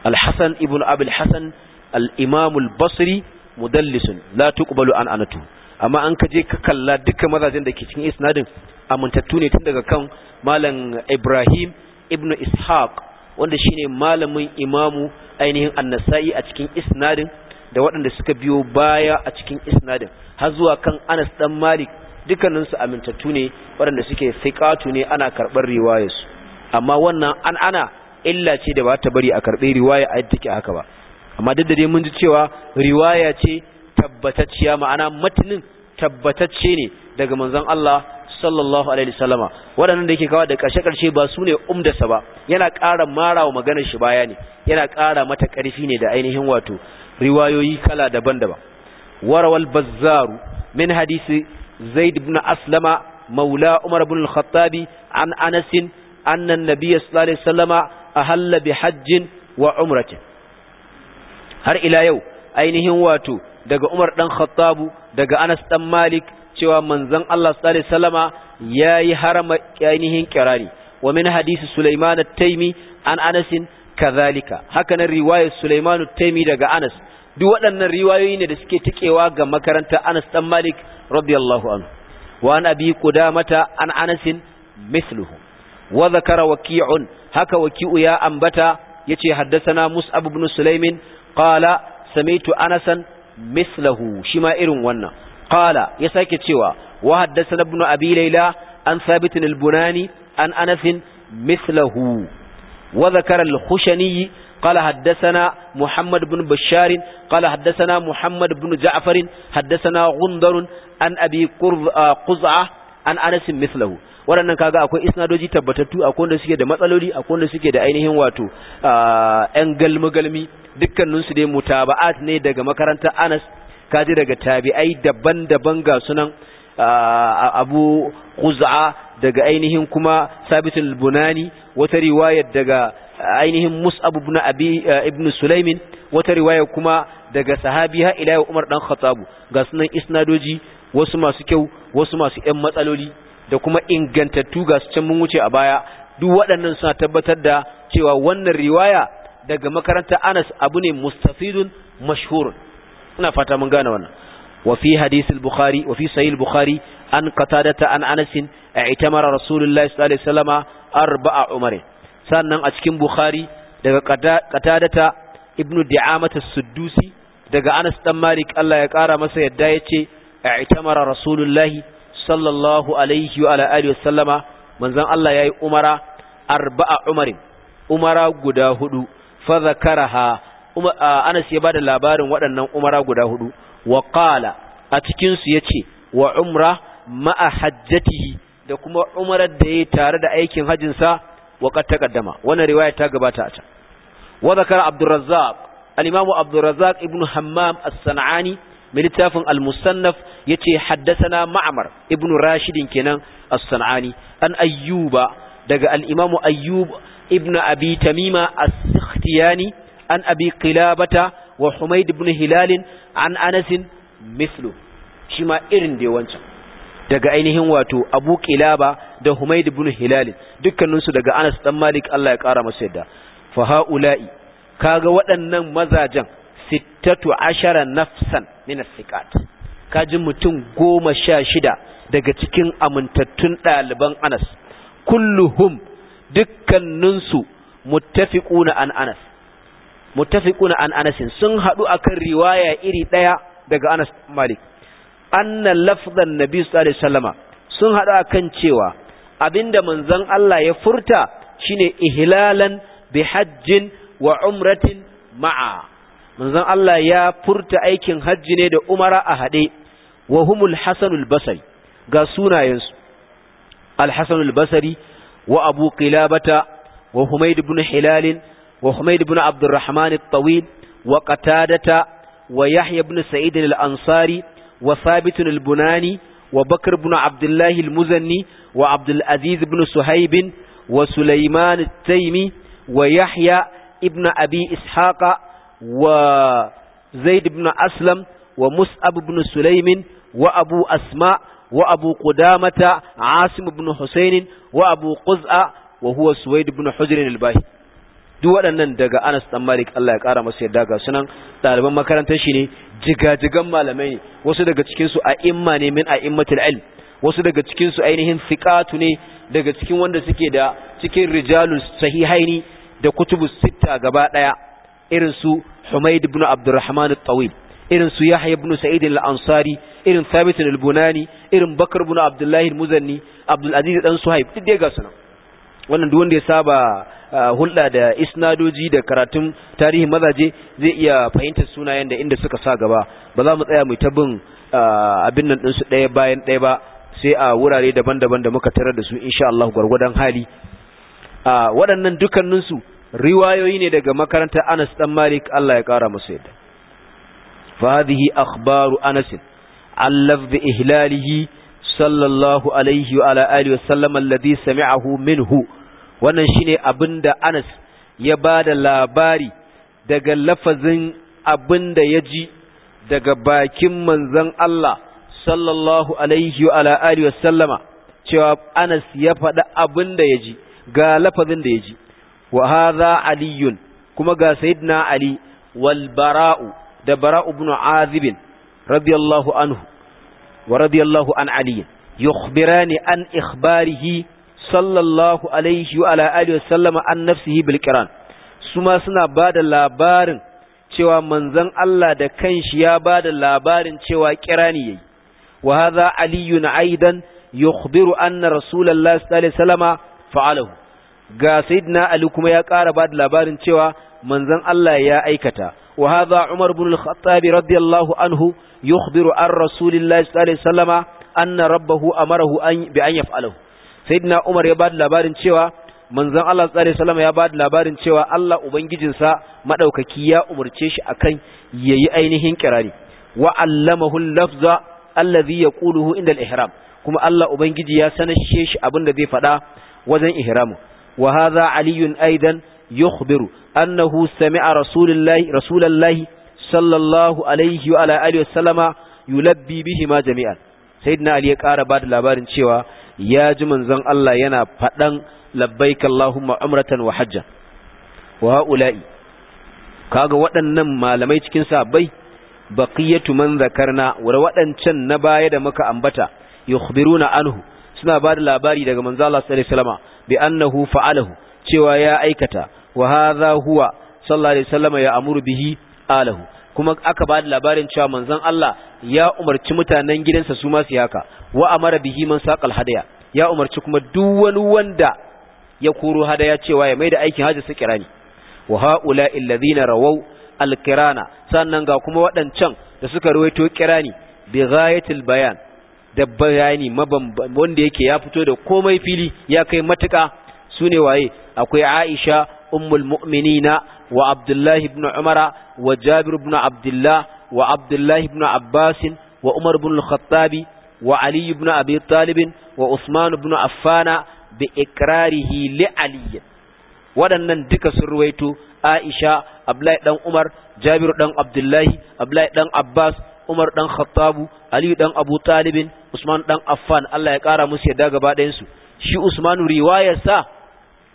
al-Hasan ibn Abi al-Hasan al-Imam al-Basri mudallis la tuqbalu an anatu amma an kaje ka kalla duka mazajen da ke cikin isnadin amintattu ne tun daga kan malam Ibrahim ibn Ishaq wanda shine malamin imamu ainihin annasai a cikin isnadin da waɗanda suka biyo baya a cikin isnadin har zuwa kan Anas ɗan Malik dukkaninsu amintattu ne waɗanda suke fiqatu ne ana karɓar riwayarsu amma wannan an ana illa ce da ba ta bari a karɓar riwaya a yadda take haka ba amma duk da dai mun ji cewa riwaya ce tabbatacciya ma'ana matinin tabbatacce ne daga manzon Allah sallallahu alaihi wasallama Wadannan da yake kawo da ƙarshe ƙarshe ba su ne umdasa ba yana ƙara marawa maganar shi baya ne yana ƙara mata ƙarfi ne da ainihin wato riwayoyi kala daban-daban warawal bazzaru min hadisi zaid ibn aslama maula umar ibn al-khattabi an anas anna an-nabiy sallallahu alaihi wasallama ahalla bi hajjin wa umratin har ila yau ainihin wato daga Umar ɗan Khattabu daga Anas ɗan Malik cewa manzon Allah sallallahu alaihi wasallama yayi harama ainihin kirari wa min hadisi Sulaiman taimi an Anasin kazalika haka nan riwayar Sulaiman taimi daga Anas duk waɗannan riwayoyi ne da suke tikewa ga makarantar Anas ɗan Malik radiyallahu anhu wa an abi qudamata an Anasin mithluhu wa dhakara haka waki'u ya ambata yace na Mus'ab ibn Sulaimin qala samaitu Anasan mislahu shi ma irin wannan qala ya sake cewa wa haddathana ibn abi layla an thabit bunani an mislahu wa dhakara al-khushani قال حدثنا محمد بن بشار قال حدثنا محمد بن جعفر حدثنا غندر عن أبي قزعة عن أنس مثله waɗannan kaga akwai isnadoji tabbatattu akwai wanda suke da matsaloli akwai wanda suke da ainihin wato ah, yan galmi-galmi dukkaninsu dai mutaba'at ne daga makarantar Anas kaji daga tabi'ai daban-daban ga sunan Abu Quz'a daga ainihin kuma Sabit bunani wata riwaya daga ainihin Mus'ab ibn Abi ibn Sulaimin wata riwaya kuma daga sahabi ha ila Umar dan Khattab ga sunan isnadoji wasu masu kyau wasu masu ƴan matsaloli da kuma ingantattu ga su can mun wuce a baya duk waɗannan suna tabbatar da cewa wannan riwaya daga makaranta Anas abu ne mustafidun mashhurun ina fata mun gane wannan wa fi hadith al-bukhari wa fi sahih al-bukhari an qatadata an Anas i'tamara rasulullahi sallallahu alaihi wasallama arba'a umar sannan a cikin bukhari daga qatadata ibnu di'amat as-suddusi daga Anas dan Malik Allah ya kara masa yadda yace i'tamara rasulullahi sallallahu alaihi wa alihi wasallama manzon Allah yayi umara arba'a umarin umara guda hudu fa zakaraha Anas ya bada labarin waɗannan umara guda hudu wa qala a cikin su yace wa umra ma'a hajjatihi da kuma umarar da yayi tare da aikin hajjin sa wa qad taqaddama wannan riwaya ta gabata a can wa zakara Abdurrazzaq al-Imam Abdurrazzaq ibn Hammam as-San'ani min littafin al-Musannaf yace haddathana Ma'mar ibn Rashidin kenan as-San'ani an Ayyuba daga al-Imam Ayyub ibn Abitamima tamima as-sikhtiyani an abi qilabata wa humayd ibn hilal an anas mislu shi irin da wancan daga ainihin wato abu qilaba da humayd ibn hilal dukkaninsu daga anas dan malik Allah ya kara masa yadda fa haula'i kaga waɗannan mazajen sittatu ashara nafsan min as-siqat kaji mutum goma sha shida daga cikin amintattun ɗaliban Anas kulluhum dukkaninsu muttafiquna an Anas muttafiquna an Anas sun hadu akan riwaya iri daya daga Anas Malik anna lafzan nabi sallallahu alaihi wasallama sun hadu akan cewa abinda manzon Allah ya furta shine ihlalan bi hajjin wa umratin ma'a manzon Allah ya furta aikin hajji ne da umara a hade wa humul hasanul basri ga sunayensu al hasanul basri وأبو قلابة وحميد بن حلال وحميد بن عبد الرحمن الطويل وقتادة ويحيى بن سعيد الأنصاري وثابت البناني وبكر بن عبد الله المزني وعبد العزيز بن سهيب وسليمان التيمي ويحيى ابن أبي إسحاق وزيد بن أسلم ومسأب بن سليم وأبو أسماء وأبو قدامة عاصم بن حسين وأبو قزأ وهو سويد بن حجر الباهي duk waɗannan daga Anas dan Malik Allah ya ƙara masa yadda ga sunan ɗaliban makarantar shi ne jigajigan malamai ne wasu daga cikin su a'imma ne min a'immatul ilm wasu daga cikin su ainihin thiqatu ne daga cikin wanda suke da cikin rijalus sahihaini da kutubus sitta gaba daya irin su humaid ibn Abdurrahman at-Tawil irin su Yahya ibn Sa'id al-Ansari irin Thabit al-Bunani irin Bakar ibn Abdullah al-Muzanni Abdul Aziz dan Suhaib duk dai ga sunan wannan duk wanda ya saba hulɗa da isnadoji da karatun tarihin mazaje zai iya fahimtar sunayen da inda suka sa gaba ba za mu tsaya mu ta abin nan su ɗaya bayan ɗaya ba sai a wurare daban-daban da muka tarar da su insha Allah gwargwadon hali waɗannan dukkaninsu riwayoyi ne daga makarantar Anas dan Malik Allah ya kara musu yadda فهذه أخبار أنس علف بإهلاله صلى الله عليه وعلى آله وسلم الذي سمعه منه wannan shine abinda Anas ya da labari daga lafazin abinda yaji daga bakin manzon Allah sallallahu alaihi wa ala wa sallama cewa Anas ya faɗa abinda ga lafazin da yaji wa hadha aliyun kuma ga sayyidina ali wal bara'u da bara ibn azib radiyallahu anhu wa radiyallahu an ali yukhbirani an ikhbarihi sallallahu alaihi wa ala wa sallama an nafsihi bilkiran. qiran suma suna ba da labarin cewa manzan Allah da kanshi ya ba da labarin cewa kirani yayi wa Aliyu na aidan yukhbiru anna rasulullahi sallallahu alaihi wasallama fa'alahu ga sayyidina ali kuma ya ƙara bada labarin cewa manzan Allah ya aikata وهذا عمر بن الخطاب رضي الله عنه يخبر عن رسول الله صلى الله عليه وسلم أن ربه أمره أن بأن يفعله سيدنا عمر يباد لبارن شوى manzon Allah sallallahu alaihi ya ba da labarin cewa Allah ubangijinsa madaukaki ya umarce shi akan yayi ainihin kirari wa allamahu al-lafza allazi yaquluhu inda al-ihram kuma Allah ubangiji ya sanashe shi abinda zai fada wajen ihramu wa hadha aliyun aidan yukhbiru annahu sami'a rasulullahi rasulullahi sallallahu alaihi wa ala alihi wasallama yulabbi bihima jami'an sayyidina ali ya ƙara bada da labarin cewa ya ji manzon Allah yana faɗan labbaik allahumma umratan wa hajjan wa haula'i kaga waɗannan malamai cikin sahabbai baqiyatu man zakarna wa waɗancan na baya da muka ambata na anhu suna bada labari daga Manza Allah sallallahu alaihi wasallama bi annahu fa'alahu cewa ya aikata wa hadha huwa sallallahu alaihi wasallam ya amuru bihi alahu kuma aka ba da labarin cewa manzon Allah ya umarci mutanen gidansa su ma su haka wa amara bihi man saqal hadaya ya umarci kuma duk wani wanda ya koro hadaya cewa ya maida aikin haji su kirani wa haula alladhina rawau alkirana sannan ga kuma waɗancan da suka ruwaito kirani bi ghayatil bayan da bayani wanda yake ya fito da komai fili ya kai matuka sune waye akwai Aisha أم المؤمنين وعبد الله بن عمر وجابر بن عبد الله وعبد الله بن عباس وأمر بن الخطاب وعلي بن أبي طالب وعثمان بن عفان بإقراره لعلي waɗannan duka sun ruwaito Aisha Abdullahi dan Umar Jabiru dan Abdullahi Abdullahi dan Abbas Umar dan Khattabu Aliyu dan Abu Talibin Usman dan Affan Allah ya ƙara musu yadda gaba ɗayan shi Usmanu riwayarsa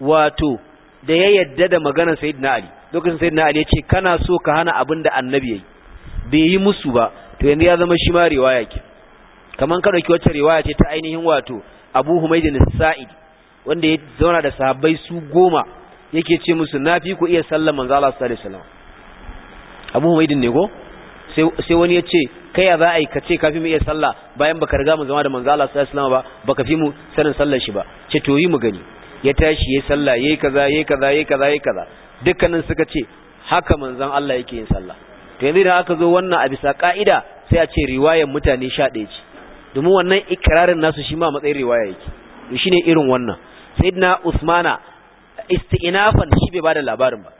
wato da ya yadda da maganar sayyidina ali lokacin sayyidina ali yace kana so ka hana abin da annabi yayi bai yi musu ba to yanzu ya zama shi ma riwaya ke kaman ka dauki wacce riwaya ce ta ainihin wato Abu Humayd al-Sa'id wanda ya zauna da sahabbai su goma yake ce musu nafi ku iya sallar manzo Allah sallallahu alaihi wasallam Abu Humayd ne go sai wani ya ce kai ya za a yi ka ce kafi mu iya sallah bayan baka riga mu zama da manzo Allah sallallahu alaihi wasallam ba baka fi mu sanin sallar shi ba ce to yi mu gani ya tashi ya sallah yayi kaza yayi kaza yayi kaza yayi kaza dukkanin suka ce haka manzon Allah yake yin sallah to yanzu idan aka zo wannan a bisa ka'ida sai a ce riwayar mutane sha ɗaya ce domin wannan ikrarin nasu shi ma matsayin riwaya yake to shine irin wannan sayyidina usmana isti'nafan shi bai bada labarin ba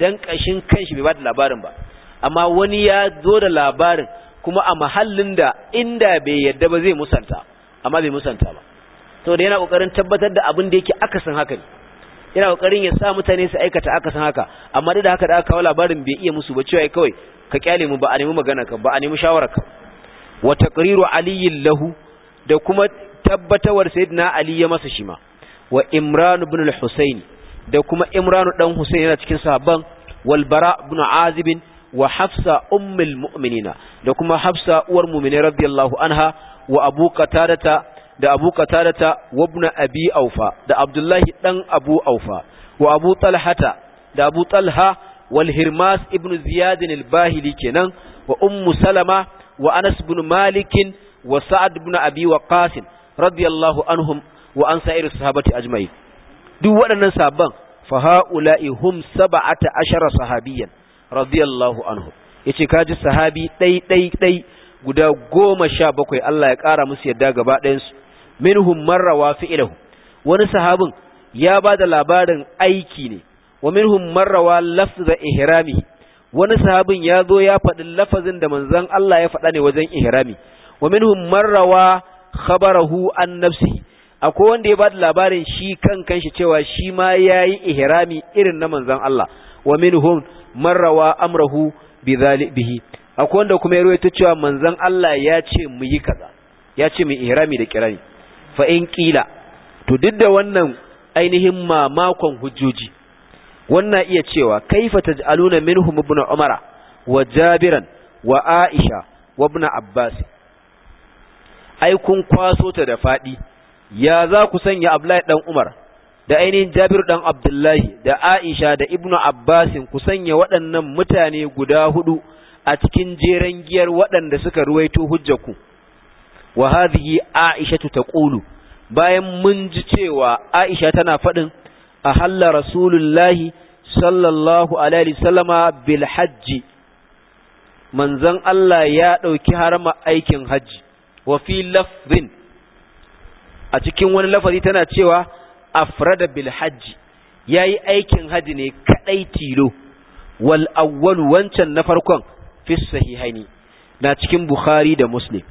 dan kashin kanshi bai bada labarin ba amma wani ya zo da labarin kuma a mahallin da inda bai yadda ba zai musanta amma bai musanta ba saboda yana kokarin tabbatar da abin da yake akasin haka ne yana kokarin ya sa mutane su aikata akasin haka amma da haka da aka kawo labarin bai iya musu ba cewa kawai ka kyale mu ba a nemi magana ka ba a nemi shawara ka wa taqriru aliyin lahu da kuma tabbatawar sayyidina ali ya masa shima wa imran ibn al-husayn da kuma imran dan husayn yana cikin sahabban wal bara ibn azib wa hafsa ummul mu'minina da kuma hafsa uwar mu'minin radiyallahu anha wa abu qatadata da Abu Qatadata wa Abi Aufa da Abdullahi dan Abu Aufa wa Abu Talhata da Abu Talha walhirmas Hirmas ibn Ziyad kenan wa Ummu Salama wa Anas ibn malikin wa Sa'ad ibn Abi Waqqas radiyallahu anhum wa an sa'ir sahabati ajma'in duk waɗannan sabon fa ha'ula'i hum sab'ata ashara sahabiyan radiyallahu anhum yace kaji sahabi dai dai dai guda goma sha bakwai Allah ya ƙara musu yadda gaba ɗayansu minhum marra wa wani sahabin ya bada da labarin aiki ne wa minhum marra wa lafza ihrami wani sahabin ya zo ya faɗi lafazin da manzon Allah ya faɗa ne wajen ihrami wa minhum marra wa khabarahu an nafsi akwai wanda ya bada labarin shi kan kanshi cewa shi ma yayi ihrami irin na manzon Allah wa minhum marra wa amrahu bihi akwai wanda kuma ya rawaito cewa manzon Allah ya ce mu yi kaza ya ce mu ihrami da kirani fa in kila to duk da wannan ainihin mamakon hujjoji wannan iya cewa kaifa taj'aluna minhum ibn umara wa jabiran wa aisha wa ibn abbas ai kwaso ta da faɗi, ya za ku sanya abdullahi ɗan umar da ainihin jabiru dan abdullahi da aisha da ibn abbas ku sanya waɗannan mutane guda hudu a cikin jeren giyar waɗanda suka ruwaito hujjaku wa hadhihi aishatu taqulu bayan mun ji cewa aisha tana fadin halla rasulullahi sallallahu alaihi wasallama bil hajji manzon Allah ya dauki harama aikin haji wa fi lafzin a cikin wani lafazi tana cewa afrada bil hajji yayi aikin haji ne kadai tilo wal awwal wancan na farkon fi sahihaini na cikin bukhari da muslim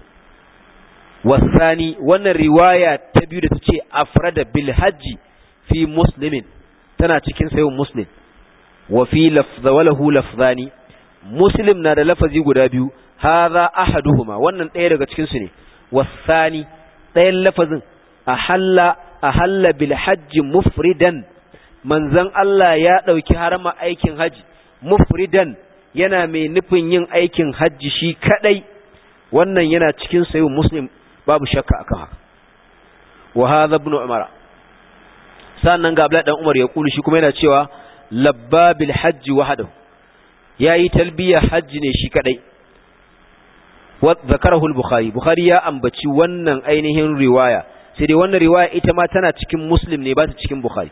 wasani wannan riwaya ta biyu da ta ce afrada bil hajji fi muslimin tana cikin sayin muslim wa fi lafzawalahu lafzani muslim na da lafazi guda biyu hadha ahaduhuma wannan ɗaya daga cikin ne wasani ɗayan lafazin ahalla ahalla bil hajji mufridan manzon Allah ya ɗauki harama aikin haji mufridan yana mai nufin yin aikin hajji shi kadai wannan yana cikin sayin muslim babu shakka akan haka wa hadha ibn umar sannan ga Abdullahi dan umar ya kulu shi kuma yana cewa labba bil hajji wahdahu yayi talbiya hajji ne shi kadai wa zakarahu al bukhari bukhari ya ambaci wannan ainihin riwaya sai dai wannan riwaya ita ma tana cikin muslim ne ba ta cikin bukhari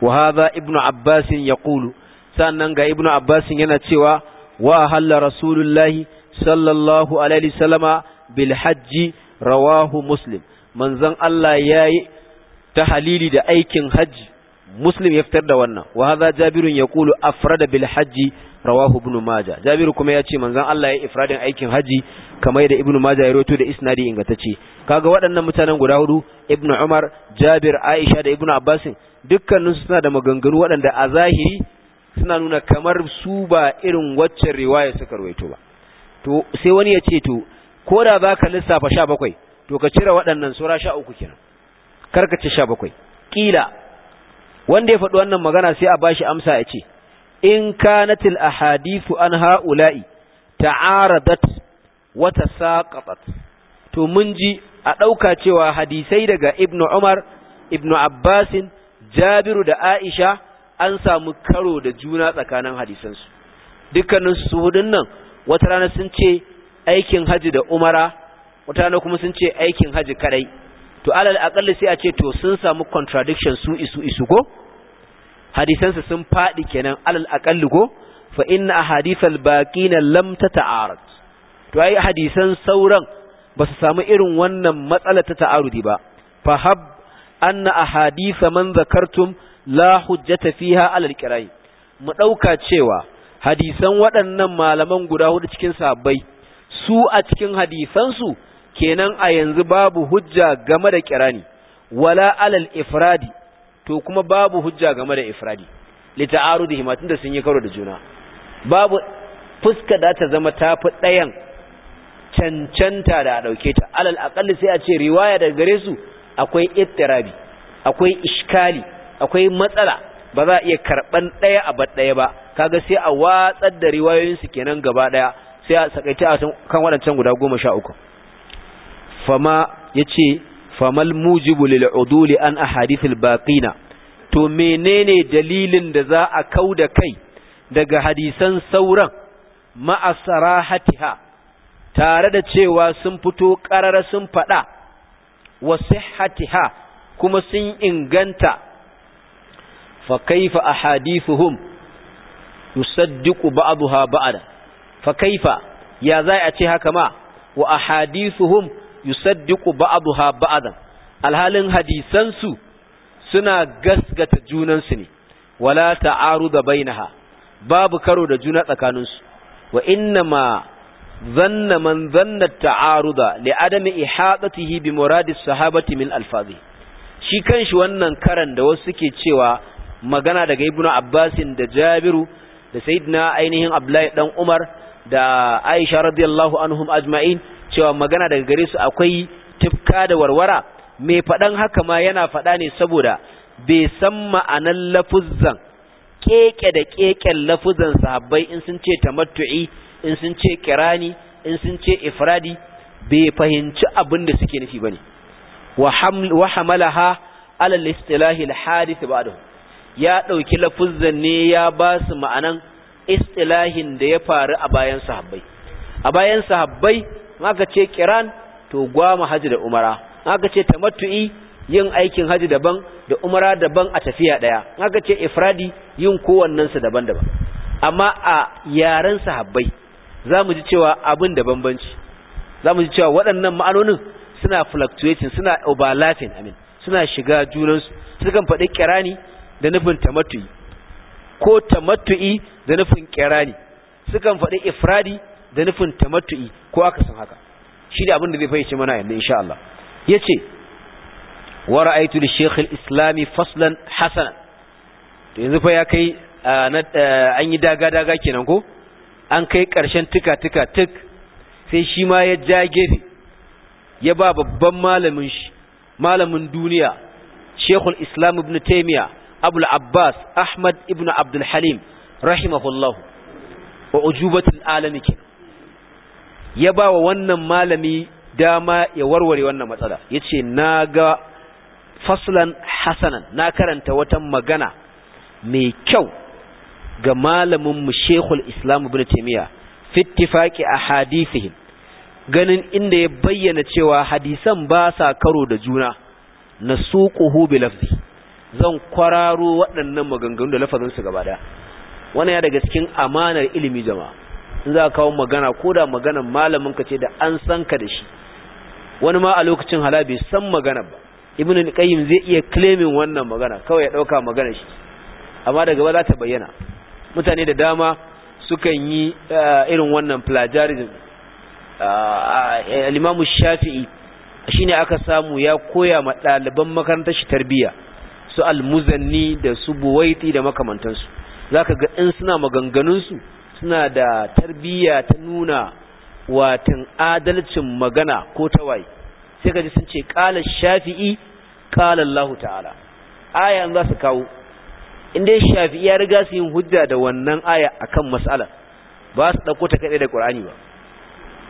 wa hadha ibn abbas yaqulu sannan ga ibn abbas yana cewa wa halla rasulullahi sallallahu alaihi wasallama bil hajji rawahu muslim manzon Allah yayi halili da aikin haji muslim ya fitar da wannan wa hadha jabirun yaqulu afrada bil hajji rawahu ibn majah jabiru kuma ya ce manzon Allah ya ifradin aikin haji kamar da ibn majah ya roto da isnadi ingantacce kaga waɗannan mutanen guda hudu ibn umar jabir aisha da Ibnu abbas dukkanin su suna da maganganu waɗanda a zahiri suna nuna kamar su ba irin waccan riwaya suka ruwaito ba to sai wani ya ce to ko da za ka lissafa sha bakwai to ka cire waɗannan sura sha uku kenan kar ka ci sha bakwai ƙila wanda ya faɗi wannan magana sai a bashi amsa ya ce in kanatil ahadithu an ha'ula'i ta'aradat wa tasaqatat to mun ji a ɗauka cewa hadisai daga ibnu umar ibnu abbasin jabiru da aisha an samu karo da juna tsakanin hadisansu dukkanin su hudun nan wata rana sun ce aikin haji da umara mutane kuma sun ce aikin haji kadai to alal aqalli sai a ce to sun samu contradiction su isu isu ko hadisansu sun fadi kenan alal aqalli ko fa inna ahadithal baqin lam tata'arad to ai hadisan sauran ba su samu irin wannan matsala ta ta'arudi ba fa hab anna ahadith man zakartum la hujjata fiha alal qirai mu dauka cewa hadisan waɗannan malaman guda hudu cikin sahabbai su a cikin hadisansu kenan a yanzu babu hujja game da kirani wala alal ifradi to kuma babu hujja game da ifradi lita'arudi himatun da sun yi karo da juna babu fuska da ta zama tafi ɗayan cancanta da a ɗauke ta alal aƙalli sai a ce riwaya daga gare su akwai ittirabi akwai iskali akwai matsala ba za a iya karɓan ɗaya a bad ɗaya ba kaga sai a watsar da riwayoyinsu kenan gaba ɗaya sai a sakaita a kan waɗancan guda goma sha uku fama ya ce famal mujibu lil'uduli an hadithul baƙina to menene dalilin da za a kau da kai daga hadisan sauran ma'asarahatiha tare da cewa sun fito ƙarar sun faɗa wa hatiha kuma sun inganta fa kaifa ahadithuhum yusaddiku ba'aduha ba'ada. fa kaifa ya za a ce haka ma wa ahadithuhum yusaddiqu ba'daha ba'dan alhalin hadisansu suna gasgata junansu ne wala ta'aruda bainaha babu karo da juna tsakaninsu wa innama zanna man zanna ta'aruda li adami ihadatihi bi muradi sahabati min alfazi shi kanshi wannan karan da wasu suke cewa magana daga ibnu abbasin da jabiru da sayyidina ainihin abdullahi dan umar da Aisha radiyallahu anhum ajma'in cewa magana daga gare su akwai tifka da warwara mai faɗan haka ma yana faɗa ne saboda bai san ma'anan lafuzzan keke da keken lafuzzan sahabbai in sun ce tamattu'i in sun ce kirani in sun ce ifradi bai fahimci abin da suke nufi bane wa hamalaha ala al-istilahi al-hadith ba'dahu ya dauki lafuzzan ne ya ba su ma'anan istilahin da ya faru a bayan sahabbai a bayan sahabbai maka ce kiran to gwama haji da umara maka ce tamattu'i yin aikin haji daban da umara daban a tafiya daya maka ce ifradi yin kowannensu daban-daban amma a yaren sahabbai za mu ji cewa abin da bambanci za mu ji cewa waɗannan ma'anonin suna fluctuating suna overlapping amin suna shiga junansu sukan faɗi kirani da nufin tamattu'i ko tamattu'i da nufin kirani sukan faɗi ifradi da nufin tamattu'i ko aka san haka shi da abin da zai fahimci mana yanzu insha Allah yace wa ra'aytu li shaykh al-islam faslan hasana to yanzu fa ya kai an yi daga daga kenan ko an kai karshen tuka tuka tuk sai shi ma ya ja gefe ya ba babban malamin shi malamin duniya shaykh al-islam ibn taymiya abul abbas ahmad ibn abdul halim rahimahullahu wa ujubatul alami ya ba wa wannan malami dama ya warware wannan matsala yace na ga faslan hasanan na karanta wata magana mai kyau ga malamin mu Sheikhul Islam Ibn Taymiyyah fi ittifaqi ahadithihim ganin inda ya bayyana cewa hadisan ba sa karo da juna nasuquhu bi zan kwararo waɗannan maganganu da lafazin su gaba daya wani ya daga cikin amanar ilimi zama in za a kawo magana ko da maganar malamin ka ce da an san ka da shi wani ma a lokacin hala bai san magana ba ibnu qayyim zai iya claiming wannan magana kawai ya dauka magana shi amma daga ba za ta bayyana mutane da dama sukan yi eh, irin wannan plagiarism eh, eh, al-imam shafi'i shine aka samu ya koya ma ɗaliban makarantar shi tarbiyya su al-muzanni da su buwaiti da makamantansu za ka ga in suna maganganunsu suna da tarbiyya ta nuna watan adalcin magana ko tawaye sai ka ji sun ce ƙala shafi'i ƙalan Allah ta'ala aya za su kawo inda shafi'i ya riga su yin hujja da wannan aya akan matsala ba su ɗauko ta kaɗai da ƙur'ani ba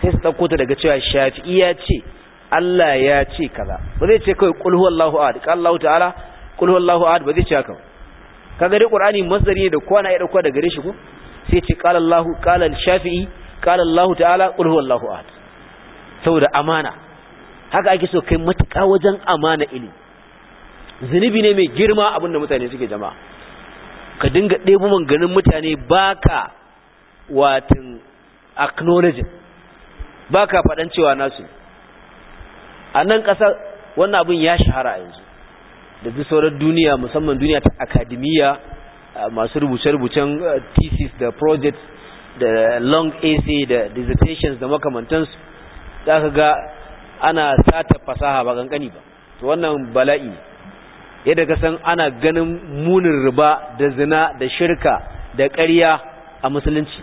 sai su ɗauko ta daga cewa shafi'i ya ce Allah ya ce kaza ba zai ce kawai qul huwallahu ahad qala Allah ta'ala qul huwallahu ahad ba zai ce haka ba kaga dai qur'ani masdari ne da kowa na ya dauka daga gare shi ko sai ce qala allah qala shafi'i qala allah ta'ala qul huwallahu ahad saboda amana haka ake so kai matuƙa wajen amana ilmi zunubi ne mai girma abinda mutane suke jama'a ka dinga ɗebo ganin mutane baka watin acknowledging baka faɗan cewa nasu a nan ƙasa wannan abin ya shahara yanzu da duk sauran duniya musamman duniya ta akademiya masu rubuce-rubucen thesis da projects da long essay da dissertations da makamantansu za ka ga ana sata fasaha ba kankani ba to wannan bala'i yadda ka san ana ganin munin riba da zina da shirka da ƙarya a musulunci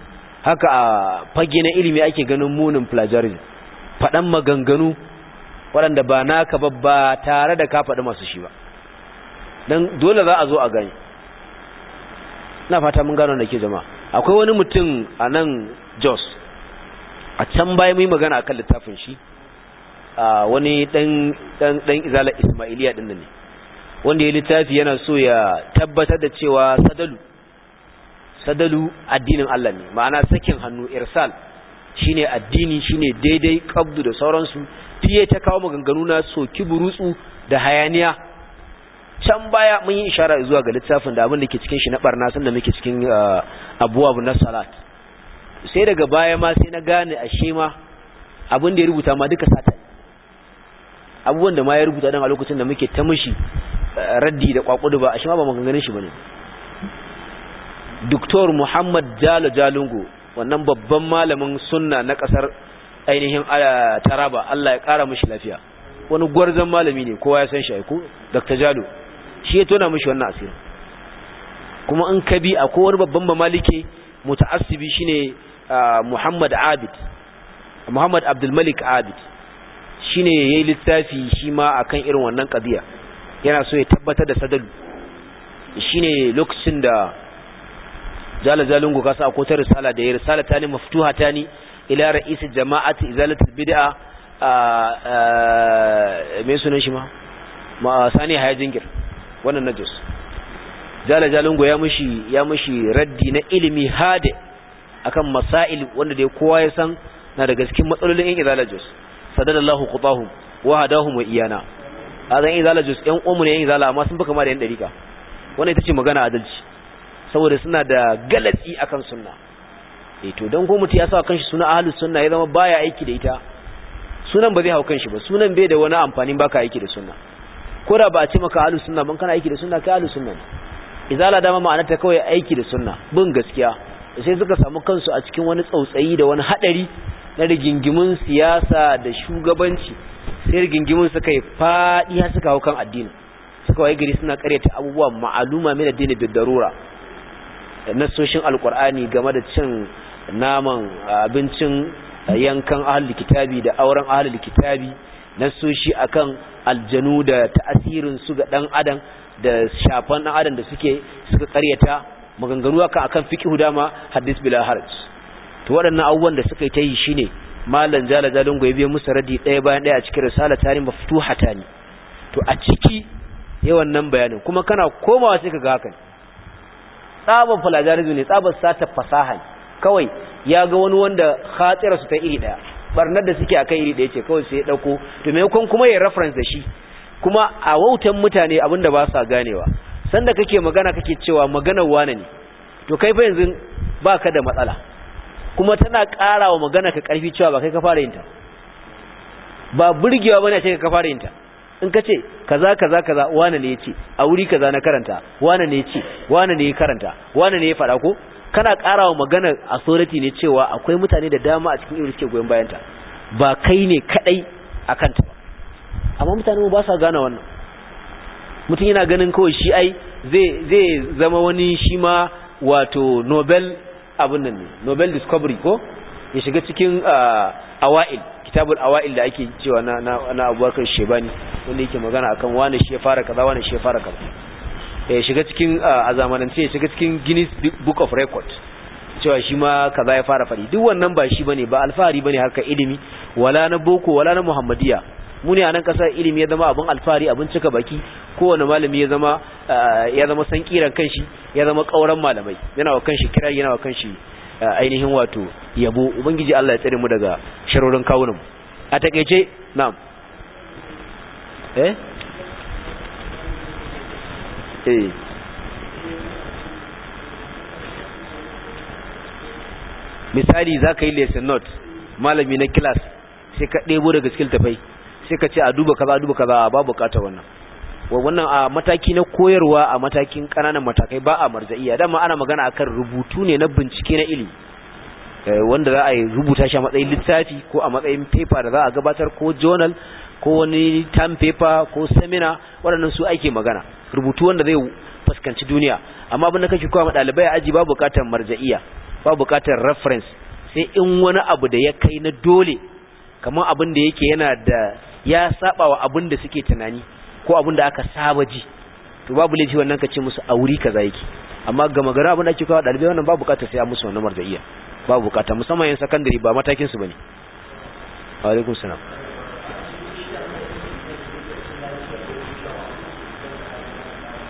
haka a fage na ilimi ake ganin munin plagiarism faɗan maganganu waɗanda ba naka ba ba tare da ka faɗi masu shi ba dan dole za a zo a gani na fata mun gano da ke jama'a akwai wani mutum a nan Jos a can baya yi magana kan littafin shi a wani dan izala Ismailiya din ne wanda ya littafi yana so ya tabbatar da cewa sadalu sadalu addinin Allah ne ma'ana sakin hannu irsal shine addini shine daidai kabdu da sauransu fiye ta kawo maganganu na soki burutsu da hayaniya can baya mun yi ishara zuwa ga littafin da abin da ke cikin shi na barna sun da muke cikin uh, abuwa na salat sai daga baya ma sai na gane a ma abin da ya rubuta ma duka sata abubuwan da ma ya rubuta dan a lokacin da muke ta mishi uh, raddi da kwakudu ba a ma ba maganganun shi bane doktor Muhammad Jalo Jalungu wannan babban malamin sunna na kasar ainihin uh, Taraba Allah ya kara mashi lafiya wani gwarzon malami ne kowa ya san shi aiko Dr. Jalo shi ya tona mishi wannan asirin kuma in ka bi a wani babban mamalike muta'assibi shine Muhammad Abid Muhammad Abdul Malik Abid shine yi littafi shi ma akan irin wannan kabiya yana so ya tabbatar da sadalu shine lokacin da jala zalungu kasa akwai ta risala da ya risala ta ne maftuha ta ne ila ra'isi jama'ati izalatul bid'a me sunan shi ma ma sani haya jingir wannan najis jala jalungo ya mushi ya mishi raddi na ilimi hade akan masail wanda dai kowa ya san na daga cikin matsalolin in izala jus sadadallahu qutahum wa hadahum wa iyana azan izala jus yan umu ne yan izala amma sun baka ma da yan dariqa wannan ita ce magana adalci saboda suna da galati akan sunna eh to dan ko ya sa kanshi suna ahlus sunna ya zama baya aiki da ita sunan ba zai hau kanshi ba sunan bai da wani amfani baka aiki da sunna kura ba a ce maka ahlus sunna ban kana aiki da sunna kai ahlus sunna izala dama ma'ana ta kawai aiki da sunna bin gaskiya sai suka samu kansu a cikin wani tsautsayi da wani hadari na rigingimin siyasa da shugabanci sai rigingimin suka yi fadi har suka hau kan addini suka wai gari suna karyata abubuwa ma'aluma min addini da darura nasoshin alqur'ani game da cin naman abincin yankan ahlul kitabi da auren ahlul kitabi shi akan aljanu da ta'asirin su ga dan adam da shafan dan adam da suke suka karyata maganganu akan akan fiqhu dama hadis bila harj to waɗannan abubuwan da suka yi ta yi shine malam jala jalin goyibe musa radi ɗaya bayan ɗaya a cikin risala tare ta ne to a ciki yawan nan bayanin kuma kana komawa sai ka ga haka tsabar falajarizu ne tsabar sata fasaha kawai ya ga wani wanda khatira su ta iri ɗaya. barnar da suke akai iri da yake kawai sai ya dauko to me kun kuma ya reference da shi kuma a wautan mutane abinda ba sa ganewa sanda kake magana kake cewa maganar wane ne to kai fa yanzu baka da matsala kuma tana ƙara wa magana ka ƙarfi cewa ba kai ka fara yin ta ba burgewa bane a ce ka fara yin ta in ka kaza kaza kaza wane ne yace a wuri kaza na karanta wane ne yace wane ne ya karanta wane ne ya faɗa ko kana ƙara wa magana sorati ne cewa akwai mutane da dama a cikin irin suke goyon bayanta ba kai ne kaɗai a kanta ba amma mutane ba sa gane wannan mutum yana ganin kawai shi ai zai zama wani shi ma wato nobel abin nan ne nobel discovery ko ya shiga cikin ah, awa'il kitabul awa'il da ake cewa na abubakar shebani wanda yake magana akan wane shi ya fara kaza wane shi ya fara kaza ya shiga cikin a zamanance ya shiga cikin Guinness Book of Record cewa shi ma kaza ya fara faɗi duk wannan ba shi bane ba alfahari bane haka ilimi wala na boko wala na muhammadiya mu ne a nan kasar ilimi ya zama abin alfahari abin cika baki kowane malami ya zama ya zama san kiran kanshi ya zama kauran malamai yana wa kanshi kira yana wa kanshi ainihin wato yabo ubangiji Allah ya tsare mu daga sharorin kawunan a takeice na'am eh eh misali za ka yi lesson note malami na class sai ka ɗebo daga cikin tafai sai ka ce a duba kaza duba kaza ba bukata wannan wannan a mataki na koyarwa a matakin kananan matakai ba a marza'iya dama ana magana akan rubutu ne na bincike na ilimi eh, wanda za a yi rubuta shi a matsayin littafi ko a matsayin paper da za a gabatar ko journal ko wani time paper ko seminar waɗannan su ake magana rubutu wanda zai fuskanci duniya amma abin da kake koya ma dalibai a aji babu bukatar marja'iya babu bukatar reference sai in wani abu da ya kai na dole kamar abin da yake yana da ya saba wa abin da suke tunani ko abin da aka saba ji to babu laifi wannan ka ce musu auri kaza yake amma ga magana abin da koya kawo dalibai wannan babu bukatar sai a musu wannan marja'iya babu bukata musamman yan sakandare ba matakin su bane wa alaikum salam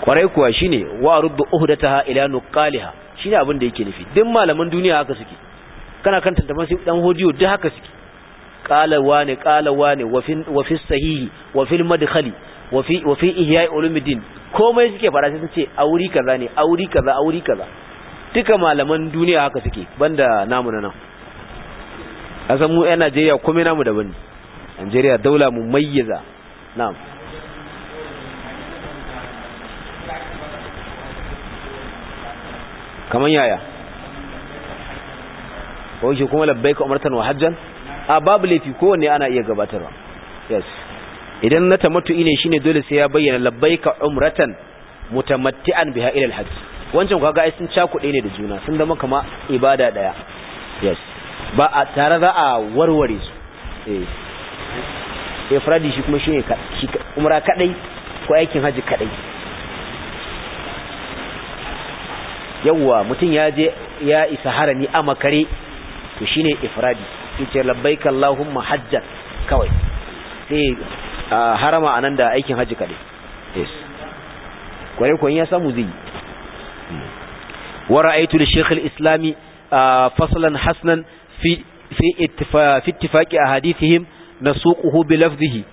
kwarai kuwa shine wa ruddu uhdataha ila nuqaliha shine abin da yake nufi duk malaman duniya haka suke kana kan da sai dan hodiyo duk haka suke qala ne qala ne wa fi sahihi wa fil madkhali wa fi wa fi ihya ulumuddin komai suke fara sai sun ce auri kaza ne auri kaza auri kaza duka malaman duniya haka suke banda namu na nan asan mu yan Najeriya komai namu daban Najeriya daula mu mayyaza na'am kamar yaya shi kuma labbai ka wa hajjan a babu laifi kowanne ana iya gabatarwa yes idan na tamattu ne shine dole sai ya bayyana labbai ka umratan mutamatti'an biha ila alhajj wancan kaga ai sun cakuɗe ne da juna sun zama kama ibada daya yes ba a tare za a warware su eh fradi shi kuma shine umra kadai ko aikin haji kadai yawwa mutum ya je ya isa harami a makare to shine ifradi yace labbaika allahumma hajjan kawai sai harama anan da aikin haji kadai yes kwarai kun ya samu zai hmm. wa ra'aytu li shaykh al-islami faslan hasnan fi fi ittifaqi fi ittifaqi ahadithihim nasuquhu bi lafzihi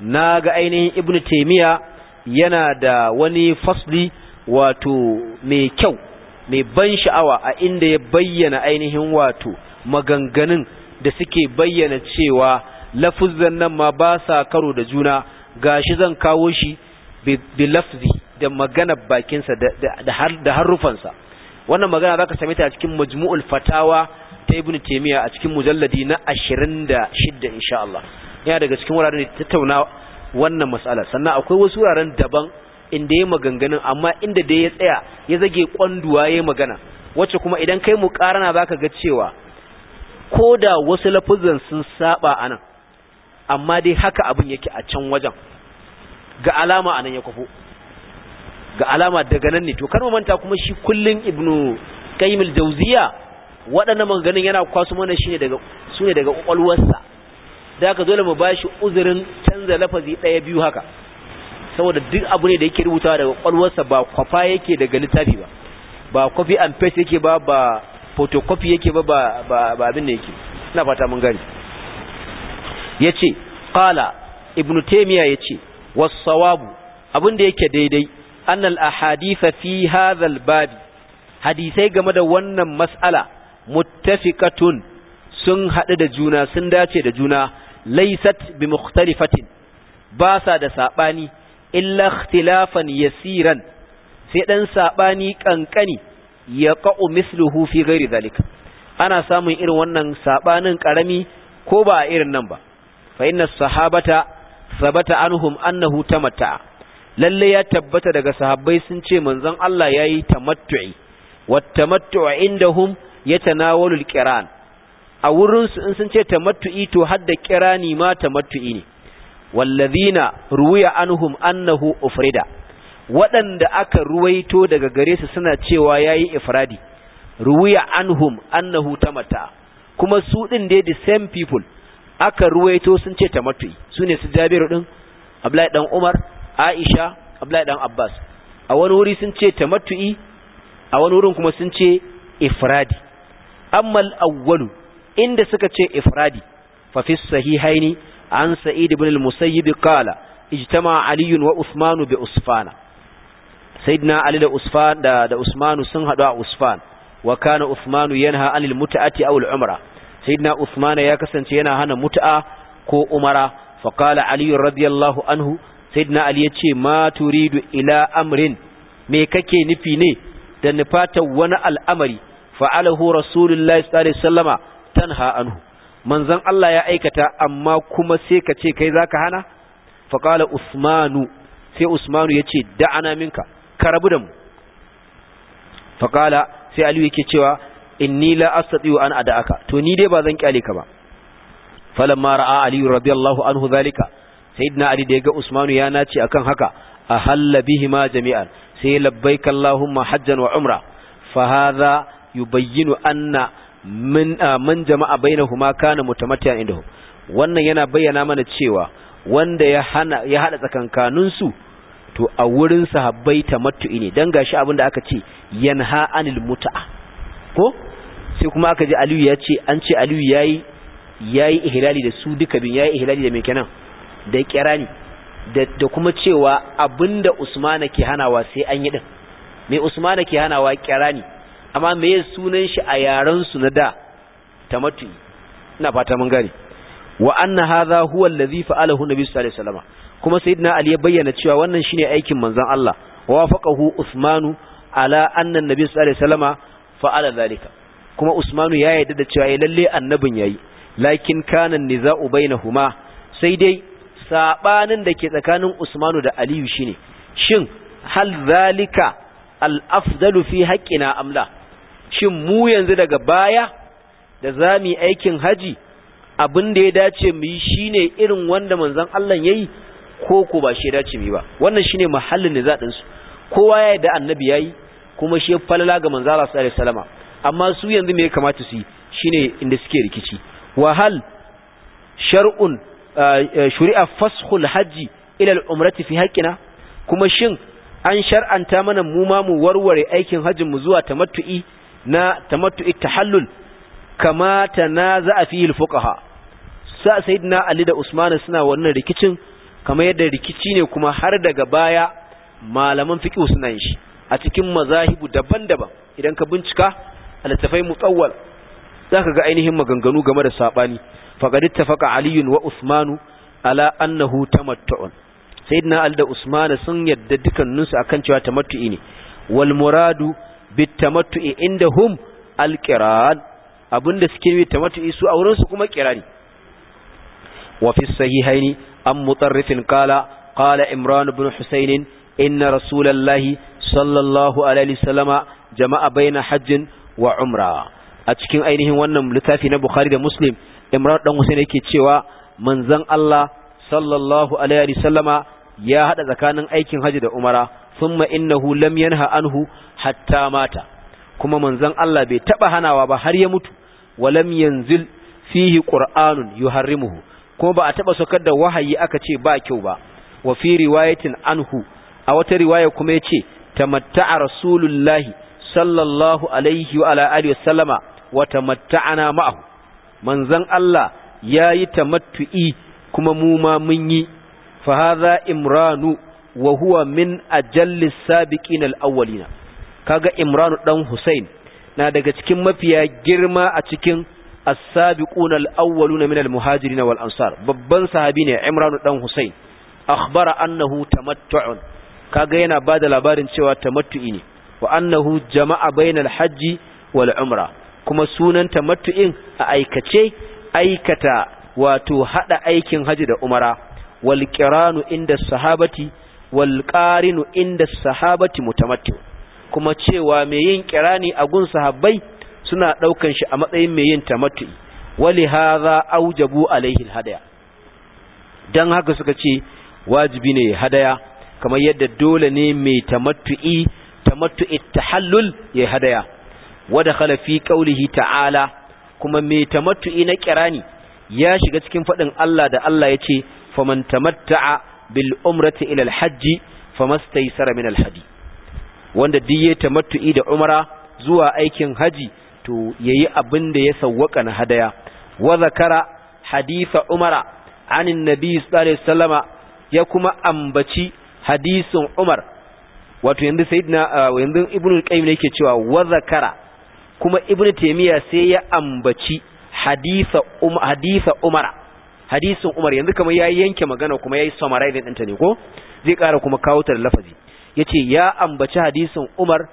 naga ainihin ibnu taymiya yana da wani fasli wato mai kyau mai ban sha'awa a inda ya bayyana ainihin wato maganganun da suke bayyana cewa lafuzan nan ma ba sa karo da juna ga shi zan kawo shi bi lafzi da magana bakinsa da harufansa wannan magana za ka same ta a cikin majmu'ul fatawa ta ibn taimiyya a cikin mujalladi na ashirin da shida Allah yana daga cikin wuraren da ta tattauna wannan mas'ala sannan akwai wasu wuraren daban inda ya maganganun amma inda dai ya tsaya ya zage kwanduwa ya magana wacce kuma idan kai mu karana baka ga cewa ko da wasu lafuzan sun saba anan amma dai haka abin yake a can wajen ga alama anan ya kwafo ga alama daga nan ne to kar mu manta kuma shi kullun ibnu qayyim al-jawziya waɗannan maganganun yana kwaso mana shine daga sune daga kwalwarsa da haka dole mu bashi uzurin canza lafazi ɗaya biyu haka saboda duk abu ne da yake rubuta daga kwalwarsa ba kwafa yake daga littafi ba ba copy and paste yake ba ba photocopy yake ba ba abin da yake ina fata mun gani yace qala ibnu taymiya yace was sawabu abin da yake daidai annal ahadith fi hadha al hadisai game da wannan mas'ala muttafiqatun sun haɗu da juna sun dace da juna laysat bi mukhtalifatin ba sa da sabani illa ikhtilafan yasiran sai dan sabani kankani ya qa'u misluhu fi ghairi zalika ana samun irin wannan sabanin karami ko ba irin nan ba fa inna sahabata sabata anhum annahu tamatta lalle ya tabbata daga sahabbai sun ce manzon Allah yayi tamattu'i wat hum indahum yatanawalul qiran a wurinsu in sun ce tamattu'i to hadda kirani ma tamattu'i ne wallazina ruwiya anhum annahu ufrida waɗanda aka ruwaito daga gare su suna cewa yayi ifradi ruwiya anhum annahu tamata kuma su din dai the same people aka ruwaito sun ce tamattu sune su Jabiru din Abdullahi dan Umar Aisha Abdullahi dan Abbas a wani wuri sun ce tamattu'i a wani wurin kuma sun ce ifradi amma al-awwalu inda suka ce ifradi fa fi sahihaini an sa'id ibn al-musayyib qala ijtama ali wa usman bi usfana sayyidina ali da usfan sun hadu a usfan wa kana usman yanha anil mut'ati a al-umra sayyidina usman ya kasance yana hana mut'a ko umara fa qala ali radiyallahu anhu sayyidina ali yace ma turidu ila amrin me kake nufi ne da nufatan wani al'amari fa'alahu rasulullahi sallallahu tanha anhu manzon Allah ya aikata amma kuma sai ka ce kai zaka hana faqala usmanu sai usmanu yace da'ana minka ka rabu da mu faqala sai aliyu yake cewa inni la astati'u an ada'aka to ni dai ba zan kyale ka ba falamma ra'a aliyu radiyallahu anhu zalika sayyidina ali da ya ga usmanu ya nace akan haka ahalla ma jami'an sai labbaik allahumma hajjan wa umra fa hadha yubayyinu anna min man jama'a bainahuma kana mutamattiyan indahu wannan yana bayyana mana cewa wanda ya hana ya hada tsakankanin su to a wurin sahabbai tamattu ne dan gashi abin da aka ce yanha anil muta'a ko sai kuma aka ji Aliyu ya ce an ce Aliyu yayi yayi ihlali da su duka bin yayi ihlali da me kenan da kirani da da kuma cewa abinda Usmana ke hanawa sai an yi din me Usmana ke hanawa kirani amma me ya sunan shi a yaran su na da tamattu ina fata mun gani. wa anna hadha huwa allazi fa'alahu nabi sallallahu alaihi wasallam kuma sayyidina ali ya bayyana cewa wannan shine aikin manzon Allah wa wafaqahu usmanu ala anna nabi sallallahu alaihi wasallam fa'ala zalika kuma usmanu ya yarda da cewa eh, lalle annabin yayi lakin kana niza'u bainahuma sai dai sabanin da ke tsakanin usmanu da aliyu shine shin hal zalika al afdalu fi haqqina amla shin mu yanzu daga baya da za mu aikin haji abin da ya dace mu yi shine irin wanda manzon Allah ya yi ko ko ba shi ya dace mu yi ba wannan shi ne mahallin da zaɗin su kowa ya yi da annabi ya yi kuma shi ya falala ga manzan Allah sallallahu alaihi amma su yanzu me ya kamata su yi shi ne inda suke rikici wahal shar'un eh, shuri'a fashul hajji ila al fi haƙina kuma shin an shar'anta mana mu ma mu warware aikin hajjin mu zuwa tamattu'i na tamattu tahallul kama na fihi al sa sayyidina Ali da Usman suna wannan rikicin kamar yadda rikici ne kuma har daga baya malaman fiqh suna yin shi a cikin mazahibu daban-daban idan ka bincika al-tafai mutawwal zaka ga ainihin maganganu game da sabani faqad ittafaqa Ali wa Usman ala annahu tamattu sayyidina Ali da Usman sun yadda dukanninsu akan cewa tamattu ne wal muradu bitamattu'i hum alqiran abinda suke yi su a wurin su kuma kirani wa sahihaini an mutarrifin qala qala imran bin husayn inna rasulallahi sallallahu alaihi wasallama jama'a baina hajjin wa umra a cikin ainihin wannan littafi na bukhari da muslim imran dan husayn yake cewa manzon Allah sallallahu alaihi wasallama ya hada tsakanin aikin haji da umara thumma innahu lam yanha anhu hatta mata kuma manzon Allah bai taba hanawa ba har ya mutu walam yanzil fihi qur'anun yuharrimuhu kuma ba a taba sokar da wahayi aka ce ba kyau ba wa fi riwayatin anhu a wata riwaya kuma yace tamatta'a rasulullahi sallallahu alaihi wa ala alihi wasallama wa tamatta'ana ma'ahu manzon Allah yayi tamattu'i kuma mu ma mun yi fa hadha imranu wa huwa min ajallis sabiqin al-awwalina kaga imran dan husayn na daga cikin mafiya girma a cikin as-sabiqun al-awwaluna min al-muhajirin wal ansar babban sahabi ne imran dan husayn akhbara annahu tamattu'un kaga yana bada labarin cewa tamattu'i ne wa annahu jama'a bainal hajji wal umra kuma sunan tamattu'in a aikace aikata wato hada aikin haji da umara wal qiranu inda sahabati wal inda sahabati mutamattu kuma cewa mai yin kirani a gun sahabbai suna daukan shi a matsayin mai yin tamattu wali hadha aujabu alaihi hadaya dan haka suka ce wajibi ne hadaya kamar yadda dole ne mai tamattu'i tamattu'i tahallul ya hadaya wa dakhala fi qawlihi ta'ala kuma mai tamattu'i na kirani ya shiga cikin fadin Allah da Allah yace faman tamatta'a bil umrati ila alhajji famastaysara min alhadi wanda diye matu'i da umara zuwa aikin haji to yayi abin da ya sawwaka na hadaya wa zakara haditha umara anin nabi ya kuma ambaci hadisin umar wato yanzu sayyidina yanzu ibnu qayyim yake cewa wa zakara kuma ibnu Taimiyya sai ya ambaci Hadisa um, umara hadisin Umar yanzu kamar yayi yanke magana kuma yayi summarizing ɗinta ne ko zai ƙara kuma kawo ta da lafazi yace ya ambaci hadisin Umar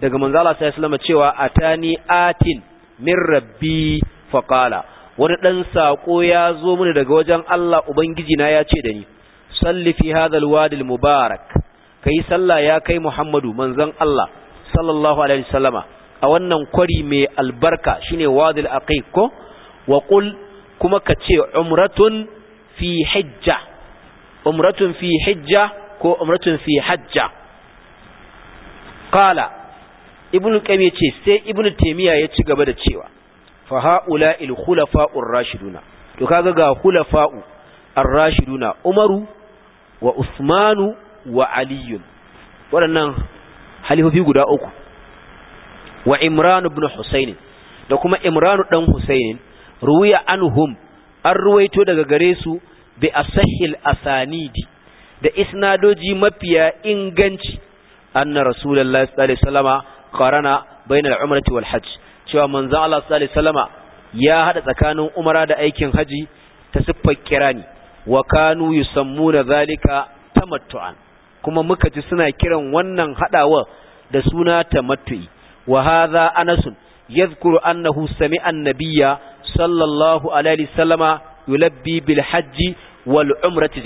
daga manzo Allah sallallahu alaihi cewa atani atin min rabbi faqala wani dan sako ya zo mini daga wajen Allah ubangiji na ya ce da ni salli fi hadha alwadi almubarak kai sallah ya kai Muhammadu manzan Allah sallallahu alaihi wasallama a wannan kwari mai albarka shine wadil aqiq ko wa qul kuma ka ce umratun fi hijja umratun fi hijja ko umratun fi hajja qala ibn qayyim yace sai ibnu taymiya ya ci gaba da cewa fa haula il khulafa'ur rashiduna to kaga ga khulafa'u ar-rashiduna umaru wa usmanu wa aliyun waɗannan halifofi guda uku wa imran ibn husayn da kuma imran dan husayn ruwiya anhum an ruwaito daga gare su bi asahil asanidi da isnadoji mafiya inganci anna rasulullahi sallallahu alaihi wasallama qarana bainal umrati wal hajj cewa manzon Allah sallallahu alaihi wasallama ya hada tsakanin umara da aikin haji ta siffar kirani wa kanu yusammuna zalika tamattu'an kuma muka ji suna kiran wannan hadawa da suna tamattu'i wa hadha anasun yadhkuru annahu sami'an nabiyya sallallahu alaihi sallama yulabbi bil hajji wal umrati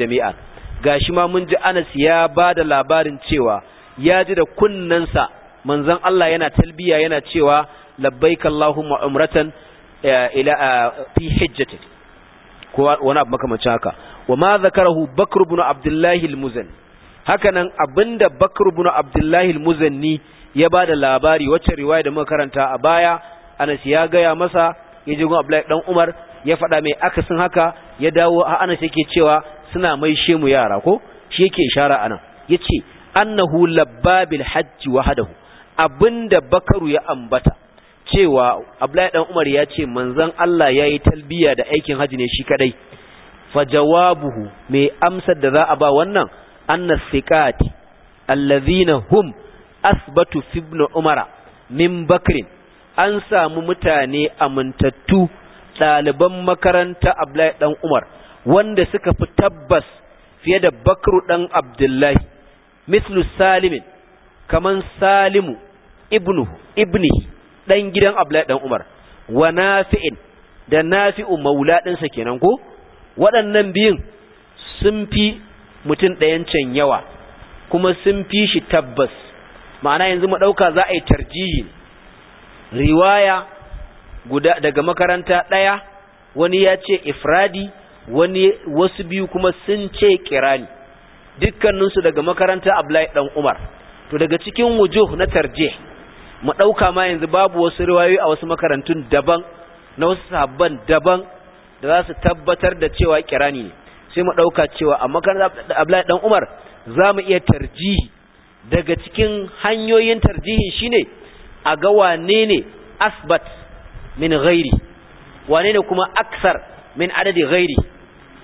gashi ma mun ji Anas ya bada labarin cewa ya ji da kunnansa manzon Allah yana talbiya yana cewa labbaik allahumma umratan eh, ila eh, fi hajjati ko wani abu makamancin haka wa ma zakarahu bakr ibn al hakanan abinda bakr ibn Abdullahi al-muzani ya bada labari wacce riwaya da muka karanta a baya Anas ya gaya masa ya je gun Abdullahi dan Umar ya faɗa mai akasin haka ya dawo a shi yake cewa suna mai shemu yara ko shi yake ishara anan yace annahu labbabil hajji wahdahu abinda Bakaru ya ambata cewa Abdullahi ɗan Umar ya ce manzon Allah yayi talbiya da aikin hajji ne shi kadai fa jawabuhu mai amsar da za a ba wannan annas siqati allazina hum asbatu fi ibn umara min bakrin an samu mutane amintattu ɗaliban makaranta Abdullahi ɗan Umar wanda suka fi tabbas fiye da Bakru ɗan Abdullahi mislu Salimin kaman Salimu ibnu Ibni, ɗan gidan Abdullahi ɗan Umar wa Nafi'in da Nafi'u maula ɗinsa kenan ko waɗannan biyun sun fi mutum ɗayan can yawa kuma sun fi shi tabbas ma'ana yanzu mu ɗauka za a yi tarjihi riwaya guda daga makaranta ɗaya wani ya ce ifradi wani wasu biyu kuma sun ce kirani dukkaninsu daga makaranta Abdullahi dan Umar to daga cikin wujuh na tarje mu ɗauka ma yanzu babu wasu riwayoyi a wasu makarantun daban na wasu sabban daban da za su tabbatar da cewa kirani ne sai mu ɗauka cewa a makarantar Abdullahi dan Umar za mu iya tarjihi daga cikin hanyoyin tarjihin shine a ga wane ne asbat min ghairi wane ne kuma aksar min adadi ghairi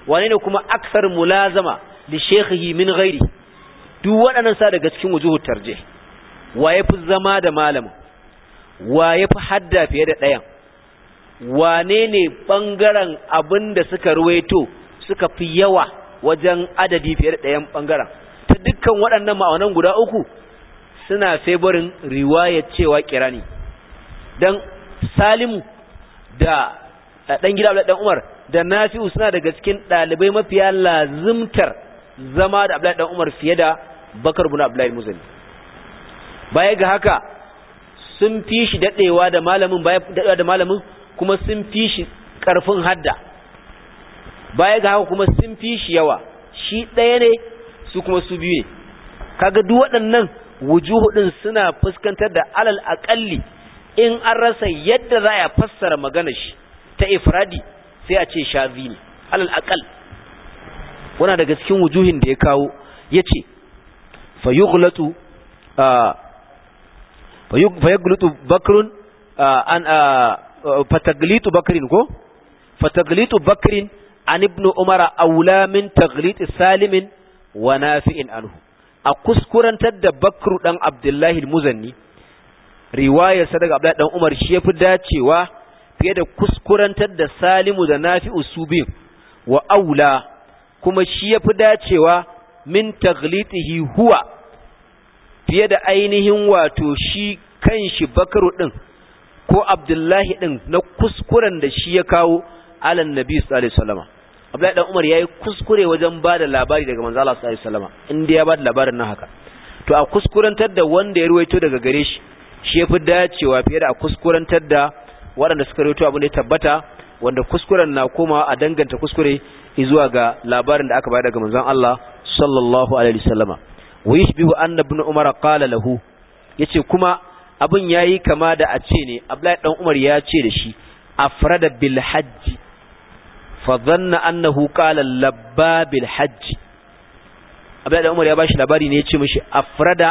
wane ne kuma aksar mulazama li shekhi min ghairi duk waɗannan sa daga cikin wujuhu tarje wa ya fi zama da malamin wa ya fi hadda fiye da ɗayan wane ne ɓangaren abinda suka ruwaito suka fi yawa wajen adadi fiye da ɗayan ɓangaren ta dukkan waɗannan ma'aunan guda uku suna favorin riwayar cewa kirani don salimu da dan gida abu dan Umar da Nafi'u suna daga cikin dalibai mafiya lazimtar zama da abu dan Umar fiye da Bakar buna abu Abdullahi Muzani baya ga haka sun fi shi daɗewa da malamin baya daɗewa da malamin kuma sun fi shi karfin hadda baya ga haka kuma sun fi shi yawa shi ɗaya ne su kuma su biyu ne kaga duk waɗannan wujuhu din suna fuskantar da alal aƙalli in an rasa yadda za a fassara magana shi ta ifradi sai a ce shazi ne alal aƙal wana daga cikin wujuhin da ya kawo ya ce fayuglatu bakrun fataglitu bakrin ko fataglitu bakrin an ibnu umara aula min tagliti salimin wa nafi'in anhu a kuskurantar da bakru ɗan abdullahi muzanni riwayar sa daga abdullahi dan umar shi yafi dacewa fiye da kuskurantar da salimu da nafi'u su wa aula kuma shi yafi dacewa min taglitihi huwa fiye da ainihin wato shi kan shi bakru ɗin ko abdullahi ɗin na kuskuren da shi ya kawo alan nabi sallallahu alaihi wasallam Abdullahi dan Umar yayi kuskure wajen bada labari daga manzo Allah sallallahu alaihi wasallama inda ya bada labarin nan haka to a kuskurantar da wanda ya ruwaito daga gare shi shi fi dacewa fiye da a kuskurantar da waɗanda suka ruwaito abin da ya tabbata wanda kuskuren na koma a danganta kuskure zuwa ga labarin da aka bayar daga Manzo Allah sallallahu alaihi wasallam wa yashbihu anna ibn umar qala lahu yace kuma abin yayi kama da a ce ne Abdullahi dan Umar ya ce da shi afrada bil hajji Fadanna annahu qala labba hajj umar ya bashi labari ne ya ce mishi afrada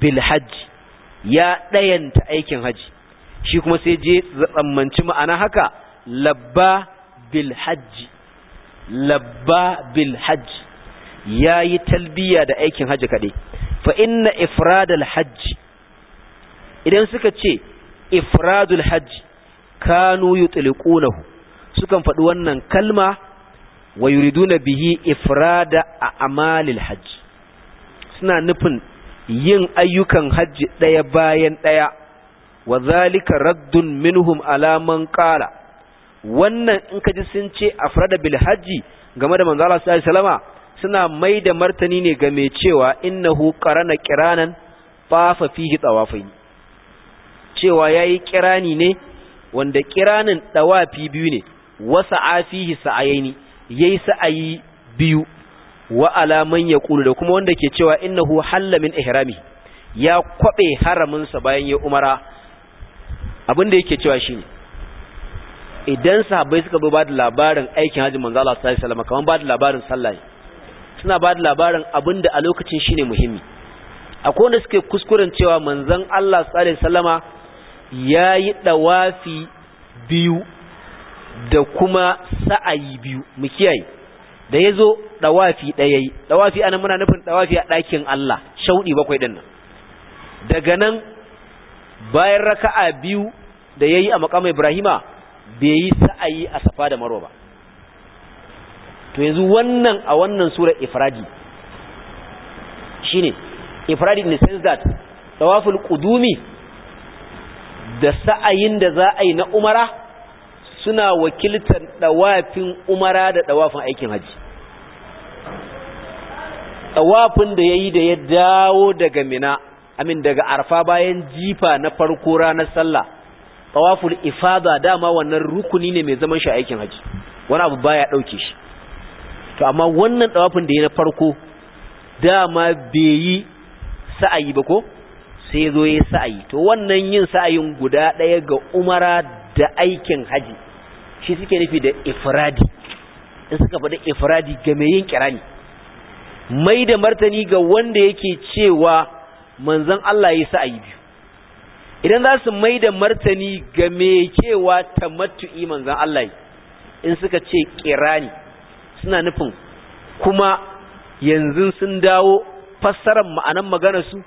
bil hajj ya dayanta aikin haji shi kuma sai je tsammanci ma'ana haka labba bil hajj labba bil hajj yayi talbiya da aikin haji kade fa inna ifradal hajj idan suka ce ifradul hajj kanu yutliqunahu sukan faɗi wannan kalma wa yuriduna bihi ifrada a amalil hajji suna nufin yin ayyukan hajji ɗaya bayan ɗaya wa zalika raddun minhum alaman ƙala wannan in ka ji sun ce afrada bil hajji game da manzo Allah sallallahu alaihi suna mai da martani ne ga mai cewa innahu qarana qiranan fafa fihi tawafin cewa yayi kirani ne wanda kiranin tawafi biyu ne wasa afihi sa'ayaini yayi sa'ayi biyu wa alaman ya da kuma wanda ke cewa innahu halla min ihrami ya kwabe haramin sa bayan ya umara abin da yake cewa shine idan sahabbai suka bi ba da labarin aikin haji manzo Allah sallallahu alaihi wasallam kamar ba da labarin sallah suna ba da labarin abin da a lokacin shine muhimmi akwai wanda suke kuskuren cewa manzon Allah sallallahu alaihi wasallama yayi dawafi biyu da kuma sa'ayi biyu mu kiyaye da ya zo ɗawafi ɗaya yi ɗawafi anan muna nufin ɗawafi a ɗakin Allah shauɗi bakwai ɗin nan daga nan bayan raka'a biyu da ya yi a makama Ibrahima bai yi sa'ayi a safa da marwa ba to yanzu wannan a wannan sura ifradi shine ifradi in the sense that tawaful qudumi da sa'ayin da za a yi na umara suna wakiltar ɗawafin umara da ɗawafin aikin haji ɗawafin da ya yi da ya dawo daga mina amin daga arfa bayan jifa na farko ranar sallah ɗawafin ifada dama wannan rukuni ne mai zaman shi aikin haji wani abu baya ɗauke shi to amma wannan ɗawafin da ya na farko dama bai yi sa'ayi ba ko sai zo ya sa'ayi to wannan yin sa'ayin guda ɗaya ga umara da aikin haji shi suke nufi da ifradi in suka faɗi ifradi ga mai yin kirani mai da martani ga wanda yake cewa manzan Allah ya sa'ayi biyu idan za su mai da martani ga mai cewa matu'i manzon Allah in suka ce kirani suna nufin kuma yanzu sun dawo fassarar ma'anan maganar su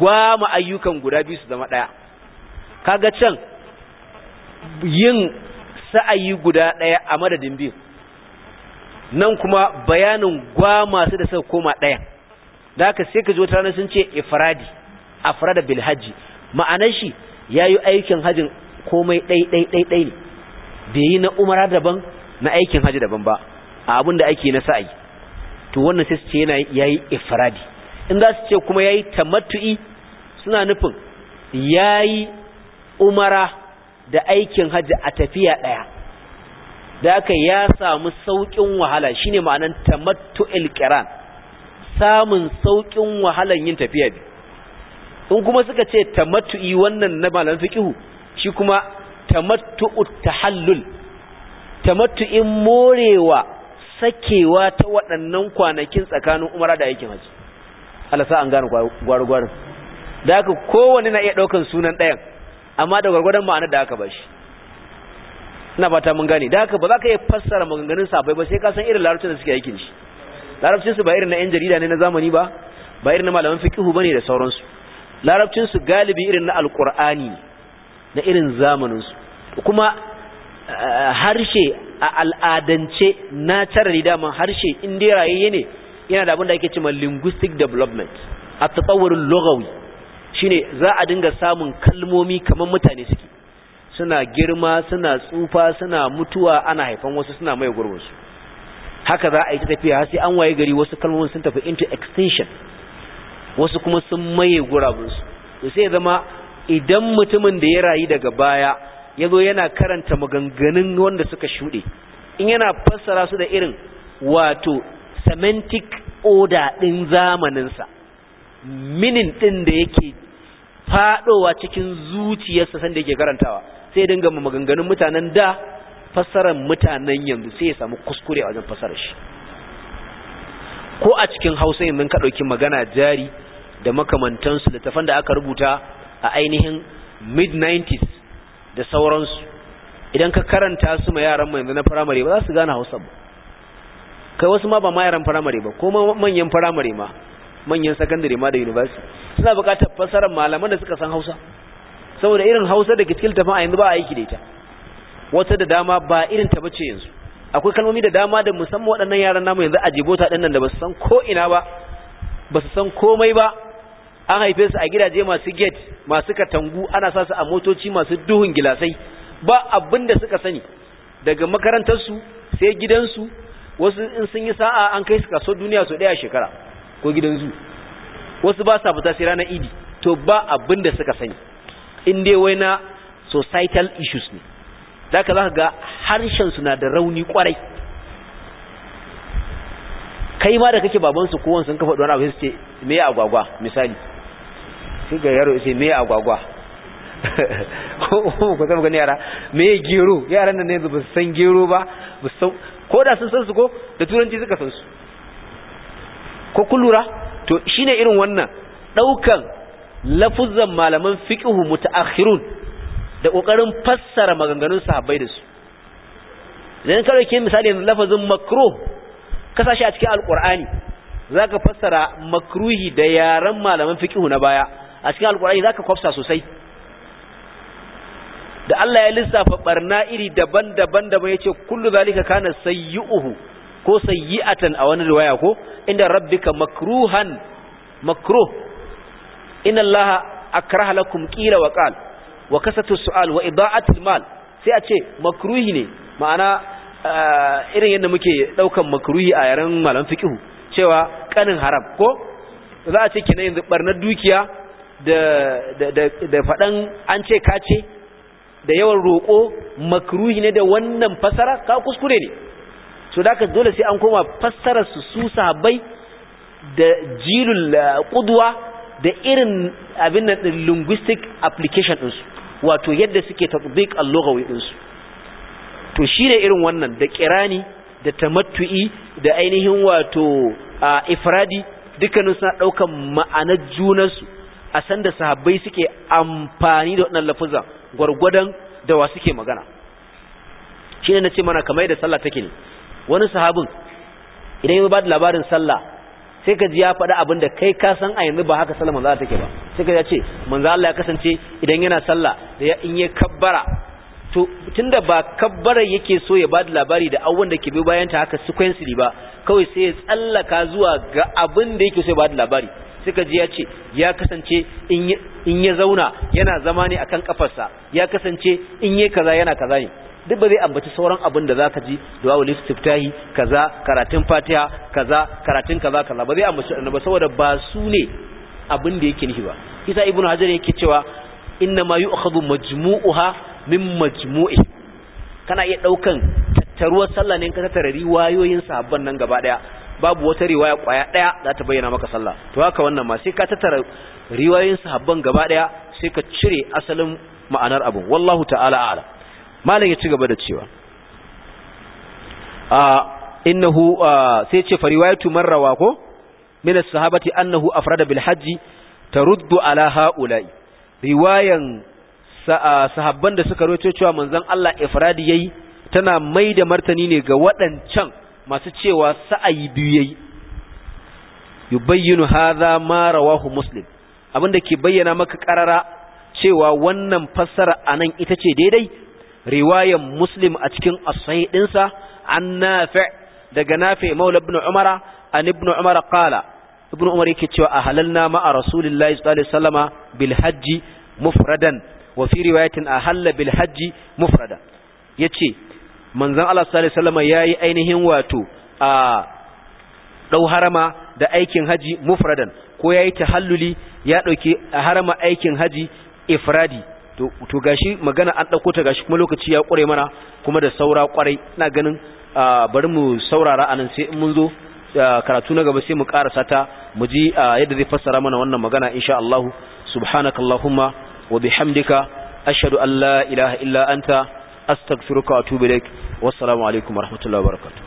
gwama ayyukan guda biyu su zama ɗaya kaga can yin sa'ayi guda ɗaya a madadin biyu nan kuma bayanin gwa masu da sa koma ɗayan da haka sai ka ji wata sun ce ifradi afrada bil bilhaji ma'anar shi ya yi aikin hajin komai ɗai ɗai ɗai ɗai ne bai yi na umara daban na aikin hajji daban ba a abin da ake na sa'ayi to wannan sai su ce ya yi ifradi in za su ce kuma ya yi tamattu'i suna nufin ya yi umara da aikin hajji a tafiya ɗaya da aka ya samu sauƙin wahala shine ma'anan tamattu ilkiran samun sauƙin wahalan yin tafiya biyu in kuma suka ce yi wannan na malan kihu, shi kuma hallul, tamattu in morewa sakewa ta waɗannan kwanakin tsakanin umara da aikin hajji alasa an gane gwargwarin da aka kowanne na iya ɗaukan sunan ɗayan amma da gwargwadon ma'anar da aka bashi ina fata mun gane da aka ba za ka iya fassara maganganun safai ba sai ka san irin larabcin da suke aikin shi larabcin su ba irin na yan jarida ne na zamani ba ba irin na malaman fiqhu bane da sauransu larabcin su galibi irin na alqur'ani na irin zamanin su kuma eh, harshe a al'adance na da man harshe in rayayye ne yana da abin da ake cewa linguistic development at-tatawwur lughawi shine za a dinga samun kalmomi kamar mutane suke suna girma suna tsufa suna mutuwa ana haifan wasu suna mai su haka za a yi ta tafiya har sai an waye gari wasu kalmomin sun tafi into extinction wasu kuma sun maye su to sai zama idan mutumin da ya rayu daga baya ya yana karanta maganganun wanda suka shuɗe in yana fassara su da irin wato semantic order din zamanin sa minin din da yake fadowa cikin zuciyarsa sanda yake karantawa sai ya dinga maganganun mutanen da fassarar mutanen yanzu sai ya samu kuskure a wajen fassarar shi ko a cikin hausa yanzu ka ɗauki magana jari da makamantansu littafan da aka rubuta a ainihin mid-90s da sauransu idan ka karanta su ma yaran yanzu na firamare ba za su gane hausa ba kai wasu ma ba ma yaran firamare ba ko manyan firamare ma manyan sakandare ma da university suna buƙatar fassarar malaman da suka san hausa saboda irin hausa da cikin tafin a yanzu ba a aiki da wata da dama ba irin ta bace yanzu akwai kalmomi da dama da musamman waɗannan yaran namu yanzu a jibota ɗin nan da ba su san ko ina ba ba su san komai ba an haife su a gidaje masu gate masu katangu ana sa su a motoci masu duhun gilasai ba abin da suka sani daga makarantarsu sai gidansu wasu in sun yi sa'a an kai su kaso duniya su ɗaya shekara ko gidan zu wasu ba sa fita sai ranar idi to ba abin da suka sani in dai wai na societal issues ne da ka za ka ga harshen na da rauni kwarai kai ma da kake babansu kowan sun kafa ɗuwan abin su ce me agwagwa misali sai ga yaro sai me agwagwa [LAUGHS] ko zama gani yara me gero yaran nan ne ba su san gero ba ko da sun san su ko da turanci suka san su ko kun lura to shine irin wannan daukan lafuzan malaman fiqh mutaakhirun da kokarin fassara maganganun sahabbai da su idan ka dauke misali lafazin makruh kasashe a cikin alqur'ani zaka fassara makruhi da yaran malaman fiqh na baya a cikin alqur'ani zaka kwafsa sosai da Allah ya lissafa barna iri daban-daban da bai ce kullu zalika kana uhu. ko sayyi'atan a wani riwaya ko inda rabbika makruhan makruh inna allaha akraha lakum qila wa qal wa kasatu su'al wa ida'atul mal sai a ce makruhi ne ma'ana eh, irin yadda muke daukan makruhi a yaren malam fiqhu cewa kanin haram ko za a ce kina yanzu barnar dukiya da da da fadan an ce kace da yawan roko makruhi ne da wannan fasara ka kuskure ne so da ka dole sai an koma fassarar su su sahabbai da jilul eh, qudwa da irin abin nan linguistic application din su wato yadda suke tatbiq al-lughawi din su to irin wannan da kirani da tamattu'i da ainihin wato ifradi dukkanin suna daukan ma'anar junansu a sanda sahabbai suke amfani da waɗannan lafuzan gwargwadon da wa suke magana shine ce mana kamar yadda sallah take ne wani sahabin idan ya ba da labarin sallah sai ka ji ya faɗi abin da kai ka san a yanzu ba haka sallah manzo take ba sai ka ce manzo Allah ya kasance idan yana sallah da in ya kabbara to tunda ba kabbara yake so ya ba da labari da awwan da ke bi bayan ta haka ne ba kawai sai ya tsallaka zuwa ga abin da yake so ya ba da labari ka ji ya ce ya kasance in ya zauna yana zama ne akan kafarsa ya kasance in yi kaza yana kaza ne duk ba zai ambaci sauran abin da zaka ji du'a wal istiftahi kaza karatun fatiha kaza karatun kaza kaza ba zai ambaci ba saboda ba su ne abin da yake nufi ba isa ibnu hajar yake cewa inna ma yu'khadhu majmu'uha min majmu'i kana iya daukan tattaruwar sallah ne ka tattara riwayoyin sahabban nan gaba daya babu wata riwaya kwaya daya za ta bayyana maka sallah to haka wannan ma sai ka tattara riwayoyin sahabban gaba daya sai ka cire asalin ma'anar abu wallahu ta'ala a'lam malam ya ci gaba da cewa a ah, innahu ah, sai ce fa marrawa ko min as-sahabati annahu afrada bil hajj taruddu ala haula'i riwayan ah, sahabban da suka rawaito cewa manzon Allah ifradi yayi tana mai da martani ne ga waɗancan masu cewa sa'ayi biyu yayi yubayyinu hadha ma rawahu muslim abinda ke bayyana maka karara cewa wannan fassara anan ita ce daidai riwayan muslim a cikin as-sahih an nafi' daga nafi' maula ibn umara an ibn umara qala ibn umar yake cewa a halalna ma a rasulillahi sallallahu alaihi wasallama bil hajji mufradan wa fi riwayatin ahalla bil hajji mufradan yace manzon Allah sallallahu alaihi wasallama yayi ainihin wato a dau harama da aikin haji mufradan ko yayi tahalluli ya dauki harama aikin haji ifradi to gashi magana an ɗauko ta gashi kuma lokaci ya kure mana kuma da saura ƙwarai ina ganin bari mu saurara anan nan sai mun zo karatu na gaba sai mu karasa ta mu ji yadda zai fassara mana wannan magana insha Allah subhanaka allahumma wa bihamdika ashhadu an la ilaha illa anta astaghfiruka wa atubu ilaik wassalamu alaikum warahmatullahi wabarakatuh